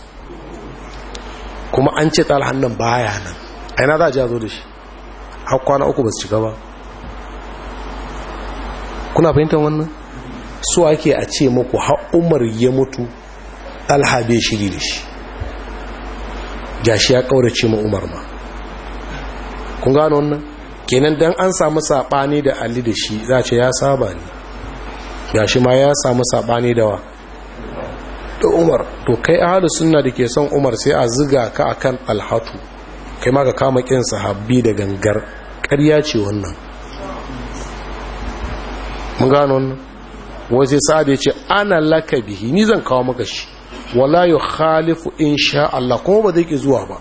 kuma an ce talhan nan baya nan aina za a ji a zo da shi har kwana uku ba su cika ba kuna fahimtar wannan so ake a ce muku har umar ya mutu Alhabe shiri da shi gashi ya kaurace ma umar ma kun gano wannan kenan dan an samu sabani da ali da shi za ce ya saba ne gashi ma ya samu sabani da wa da umar to kai ahlus sunna da ke son umar sai a ziga ka a kan alhatu kai ma ka kama kin sahabbi da gangar ƙarya ce wannan mun gano wannan wai sai sa'ad ya ce ana laka bihi ni zan kawo maka shi wala yukhalifu insha Allah kuma ba zai zuwa ba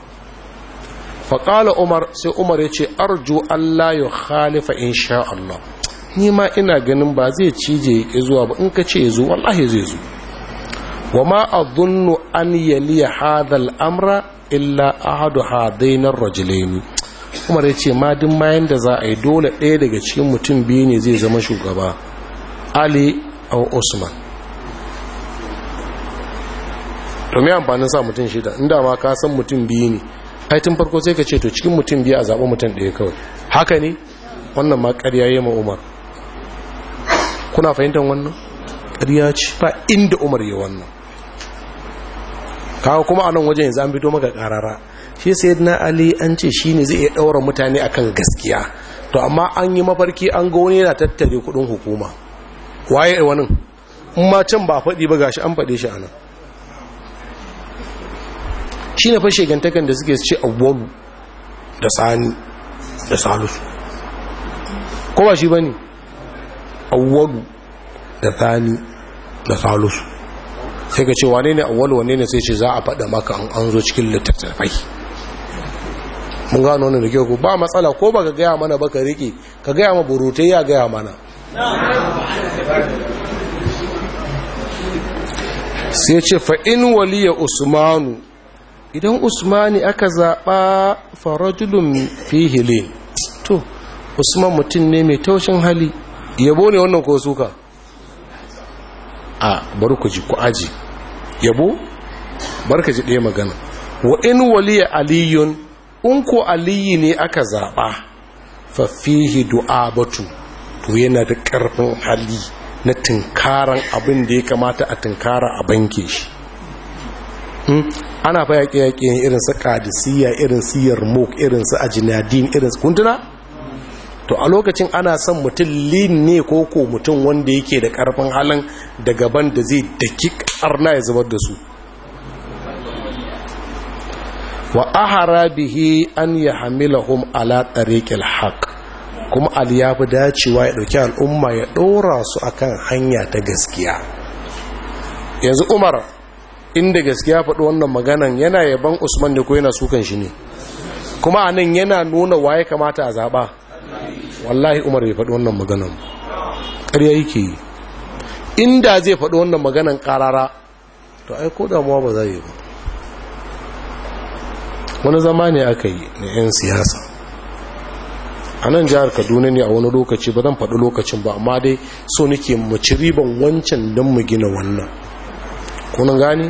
faƙala umar sai umar ya ce arju Allah ya khalifa in Allah ni ma ina ganin ba zai cije ya zuwa ba in ka ce ya zo wallahi zai zo wa ma adhunnu an yi hadha al-amra illa ahadu hadain ar-rajulain umar ya ce ma duk mayan da za a yi dole ɗaya daga cikin mutum biyu ne zai zama shugaba ali aw usman to me amfanin sa mutum shida inda ma ka san mutum biyu ne ai tun farko sai ka ce to cikin mutum biyu a zaɓi mutum ɗaya kawai haka ne wannan ma ƙarya yi ma umar kuna fahimtar wannan ƙarya ce ba inda umar yi wannan kawo kuma a nan wajen yanzu an fito maka ƙarara shi sai na ali an ce shi ne zai iya ɗaura mutane akan gaskiya to amma an yi mafarki an ga wani yana tattare kuɗin hukuma waye wani in ba faɗi ba gashi an faɗe shi anan shi na fashe gantakan da suke ce awwalu da sani da salisu ko ba shi ba ne awwalu da sani da salisu sai ka ce wane ne awwalu wane ne sai ce za a faɗa maka an zo cikin littattafai mun gano wannan da kyau ba matsala ko ba ka gaya mana ba ka riƙe ka gaya ma burutai ya gaya mana sai ce fa'in waliya usmanu idan usmani aka zaɓa farajulun fihile to usman mutum ne mai taushin hali yabo ne wannan ko suka a bari ku aji yabo ji ɗaya magana wa’in waliya aliyun in ko aliyi ne aka zaɓa fafihi du'a batu to yana da ƙarfin hali na tunkaran abin da ya kamata a tunkara a banke shi hmm? ana fa yaƙe-yaƙe irin su ƙadisiyya irin su yarmouk irin su ajinadin irin su kuntuna to a lokacin ana son mutum lin ne ko ko mutum wanda yake da karfin halin da gaban da zai daki arna ya zubar da su wa an yi hamila hum ala tariqil haƙ. kuma ali ya dacewa ya ɗauki al'umma ya ɗora su akan hanya ta gaskiya yanzu umar inda gaskiya faɗi wannan maganan yana yaban usman da ko yana sukan shi ne kuma a nan yana nuna waye kamata a zaɓa wallahi umar ya faɗi wannan maganan ƙarya yake yi inda zai faɗi wannan maganan ƙarara to ai ko damuwa ba za yi ba wani zama ne aka yi na 'yan siyasa a nan jihar kaduna ne a wani lokaci ba zan faɗi lokacin ba amma dai so nake mu ci riban wancan don mu gina wannan kunan gani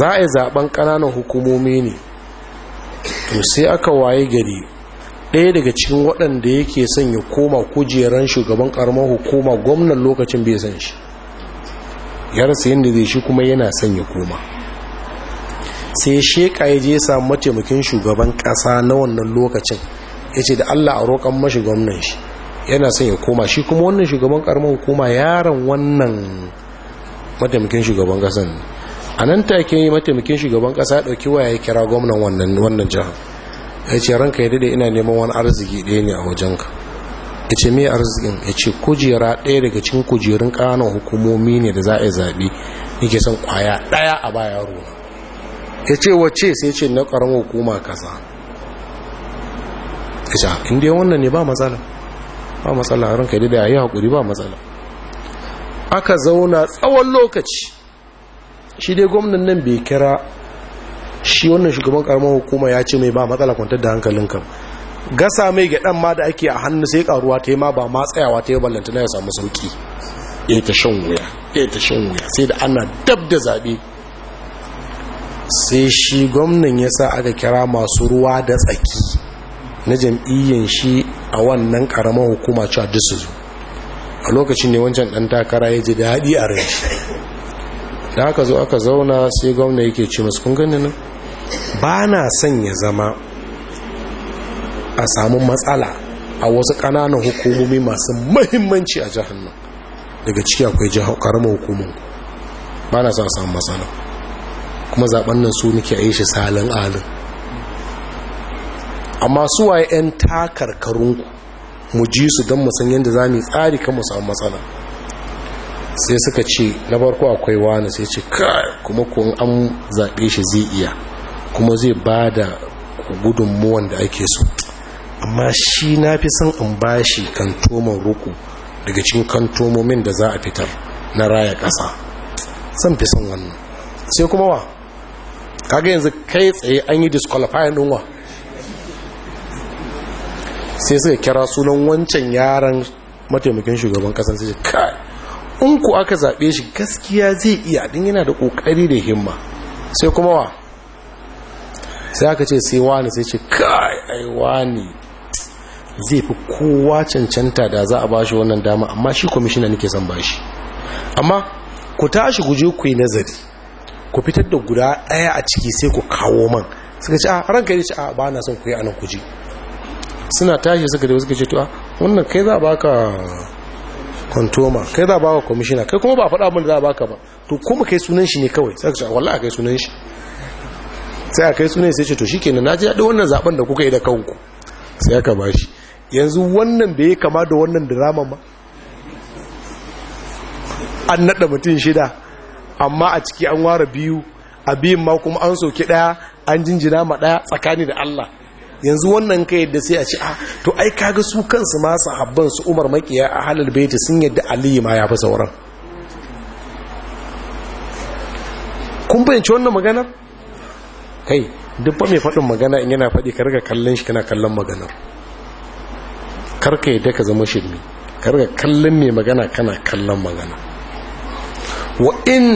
za a yi zaben ƙananan hukumomi ne to sai aka waye gari ɗaya daga cikin waɗanda yake son ya koma kujeran shugaban ƙaramar hukuma gwamnan lokacin bai san shi ya rasa yadda zai shi kuma yana son ya koma sai sheka ya je samu mataimakin shugaban ƙasa na wannan lokacin ya ce da allah a roƙon mashi gwamnan shi yana son ya koma shi kuma wannan shugaban karamar hukuma yaron wannan mataimakin shugaban kasan a nan take yi mataimakin shugaban kasa ɗauki waya ya kira gwamnan wannan jihar ya ce ranka ya dade ina neman wani arziki ɗaya ne a wajenka ya ce mai arzikin ya ce kujera ɗaya daga cikin kujerun ƙananan hukumomi ne da za a yi zaɓe nake son ƙwaya ɗaya a baya yaro ya ce wace sai ce na ƙaramin hukuma kasa kace ah, inda wannan ne ba matsala ba matsala a ranka da yayi hakuri ba matsala aka zauna tsawon lokaci shi dai gwamnan nan bai kira shi wannan shugaban karamar hukuma ya ce mai ba matsala kwantar da hankalinka gasa mai ga dan ma da ake a hannu sai karuwa ta yi ma ba ma tsayawa ta yi ballanta na ya samu sauki ya ta shan wuya ya ta shan wuya sai da ana dab da zaɓe sai shi gwamnan ya sa aka kira masu ruwa da tsaki na jam'iyyan shi a wannan karamar hukuma cewa duk su a lokacin ne wancan dan takara ya ji daɗi a rai da aka zo aka zauna sai gwamna yake ce masu kun nan ba na son ya zama a samu matsala a wasu ƙananan hukumomi masu mahimmanci a jihar nan daga ciki akwai karamar hukumun ba na son a samu matsala kuma zaɓen nan su nake a yi shi salin alin amma waye 'yan takarkarunku mu ji su don musan yadda za mu tsari kan mu matsala sai suka ce na farko akwai wani sai ce kai kuma kun an zaɓe shi zai iya kuma zai ba da gudunmuwan da ake so amma shi na fi son in ba shi kantoman ruku daga cikin kantomomin da za a fitar na raya ƙasa san fi son wannan sai kuma wa kaga yanzu kai tsaye an yi disqualifying ɗin wa sai suka kira sunan wancan yaran mataimakin shugaban kasan sai kai in ku aka zaɓe shi gaskiya zai iya din yana da kokari da himma sai kuma wa sai aka ce sai wani sai ce kai ai wani zai fi kowa cancanta da za a ba shi wannan dama amma shi kwamishina nake son ba shi amma ku tashi guje ku yi nazari ku fitar da guda ɗaya a ciki sai ku kawo man suka ci a ranka yi ci a ba na son ku yi anan ku ji suna tashi suka da suka ce to ah, wannan kai za a baka kontoma kai za a baka kwamishina kai kuma ba faɗa abinda za a baka ba to kuma kai sunan shi ne kawai sai ka ce ah, wallahi kai sunan shi sai a kai sunan sai ce to shikenan na ji daɗi wannan zaben da kuka yi da kanku sai aka ba shi yanzu wannan bai yi kama da wannan drama ba an naɗa mutum shida amma a ciki an ware biyu a biyun ma kuma an soke ɗaya an jinjina ma ɗaya tsakani da Allah yanzu wannan ka yadda sai a ci a ah, to ai kaga su kansu ma sahabban su umar makiya a halal baiti sun yadda aliyu ma ya fi sauran kun fahimci wannan maganar kai duk ba mai faɗin magana in yana faɗi karga kallon shi kana kallon maganar karka yadda ka zama shirme karga kallon mai magana kana kallon magana wa in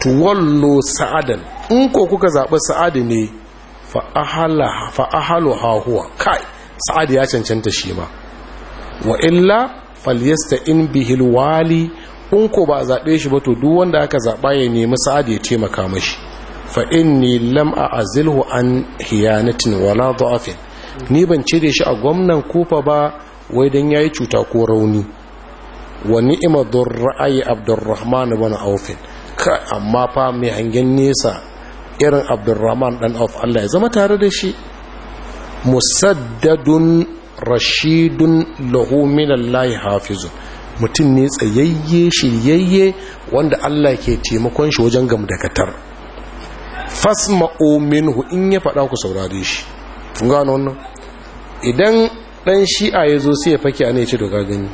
tuwallo sa'adan in ko kuka zaɓi sa'adu ne fa'ahalu huwa. kai sa'ad ya cancanta shi ma wa illa falyasta in bihil wali in ko ba zaɓe shi ba to duk wanda aka zaɓa ya nemi sa'ad ya taimaka mashi fa inni lam a azilhu an hiyanatin wala da'afin ni ban cire shi a gwamnan kofa ba wai dan yayi cuta ko rauni wa don ra'ayi abdurrahman ibn ka amma fa mai hangen nesa irin abdurrahman dan auf Allah ya zama tare da shi musaddadun rashidun lahu minallahi hafizun mutum ne tsayayye shiryayye wanda Allah ke taimakon shi wajen gamdakatar fasma'u minhu in ya faɗa ku saurare shi kun gano wannan idan dan shi'a ya zo sai ya fake ana ya ce doka gani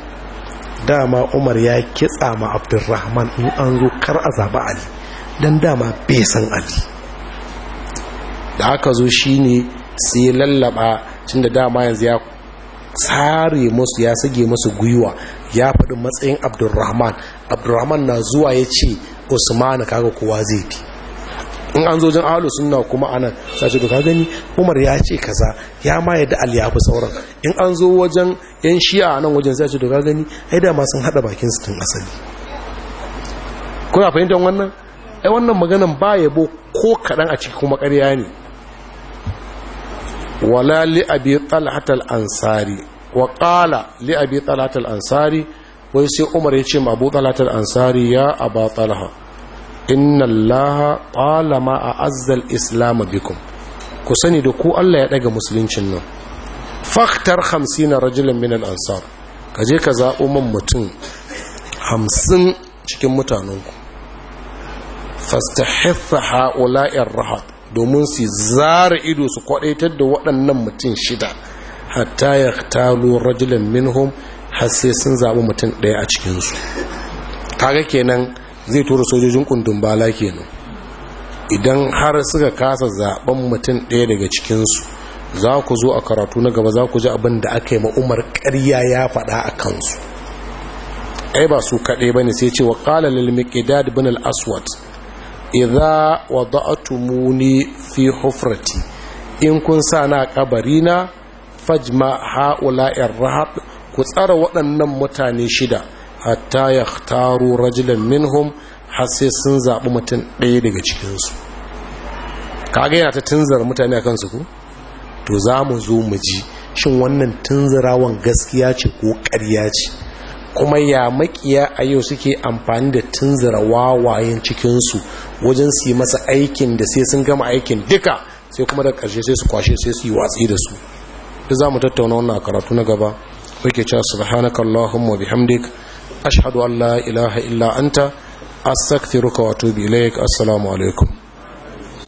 dama umar ya kitsa ma abdurrahman in an zo kar a zaba ali dan dama bai san ali da aka zo shi ne sai lallaba cin da dama yanzu ya tsare musu ya sage musu gwiwa ya faɗi matsayin abdurrahman abdurrahman na zuwa ya ce usman kaga kowa zai fi in an zo jin alu suna kuma ana sace gani umar ya ce kaza ya ma yadda ali sauran in an zo wajen yan shi'a nan wajen sace to gani ai da ma sun hada bakin su tun asali kuna fahimtar wannan ai wannan maganan ba yabo ko kadan a ciki kuma karya ne wala li abi talhatal ansari wa qala li abi ansari wai sai umar ya ce ma abu talhatal ansari ya aba talha inna allah qala ma azzal islam bikum ku sani da ku Allah ya ɗaga musuluncin nan faktar 50 rajulan min al-ansar kaje ka zaɓo man mutum 50 cikin mutanenku fastahiffa ha'ula'ir rahat domin su zara ido su kwadaitar da waɗannan mutum shida hatta ya talo rajulan minhum har sai sun zaɓi mutum ɗaya a cikinsu kaga kenan zai tura sojojin kundin bala kenan idan har suka kasa zaɓen mutum ɗaya daga cikinsu za ku zo a karatu na gaba za ku ji abin da aka yi ma'umar ƙarya ya faɗa a kansu ai ba su kaɗai ba ne sai ce wa ƙalalil mikidad bin al-aswad idza wada'tumuni fi hufrati in kun sa na kabarina fajma ha'ula'ir rahab ku tsara waɗannan mutane shida hatta yakhtaru rajulan minhum har sai sun zaɓi mutum ɗaya daga cikinsu kaga yana ta tunzar mutane a kansu ku to za mu zo mu ji shin wannan tunzarawan gaskiya ce ko ƙarya ce kuma ya makiya a yau suke amfani da tunzura wawayen cikinsu wajen su yi masa aikin da sai sun gama aikin duka sai kuma da ƙarshe sai su kwashe sai su yi watsi da su da za mu tattauna wannan karatu na gaba wake cewa subhanaka allahumma bihamdik ashhadu an la ilaha illa anta astaghfiruka wa atubu ilaik assalamu alaikum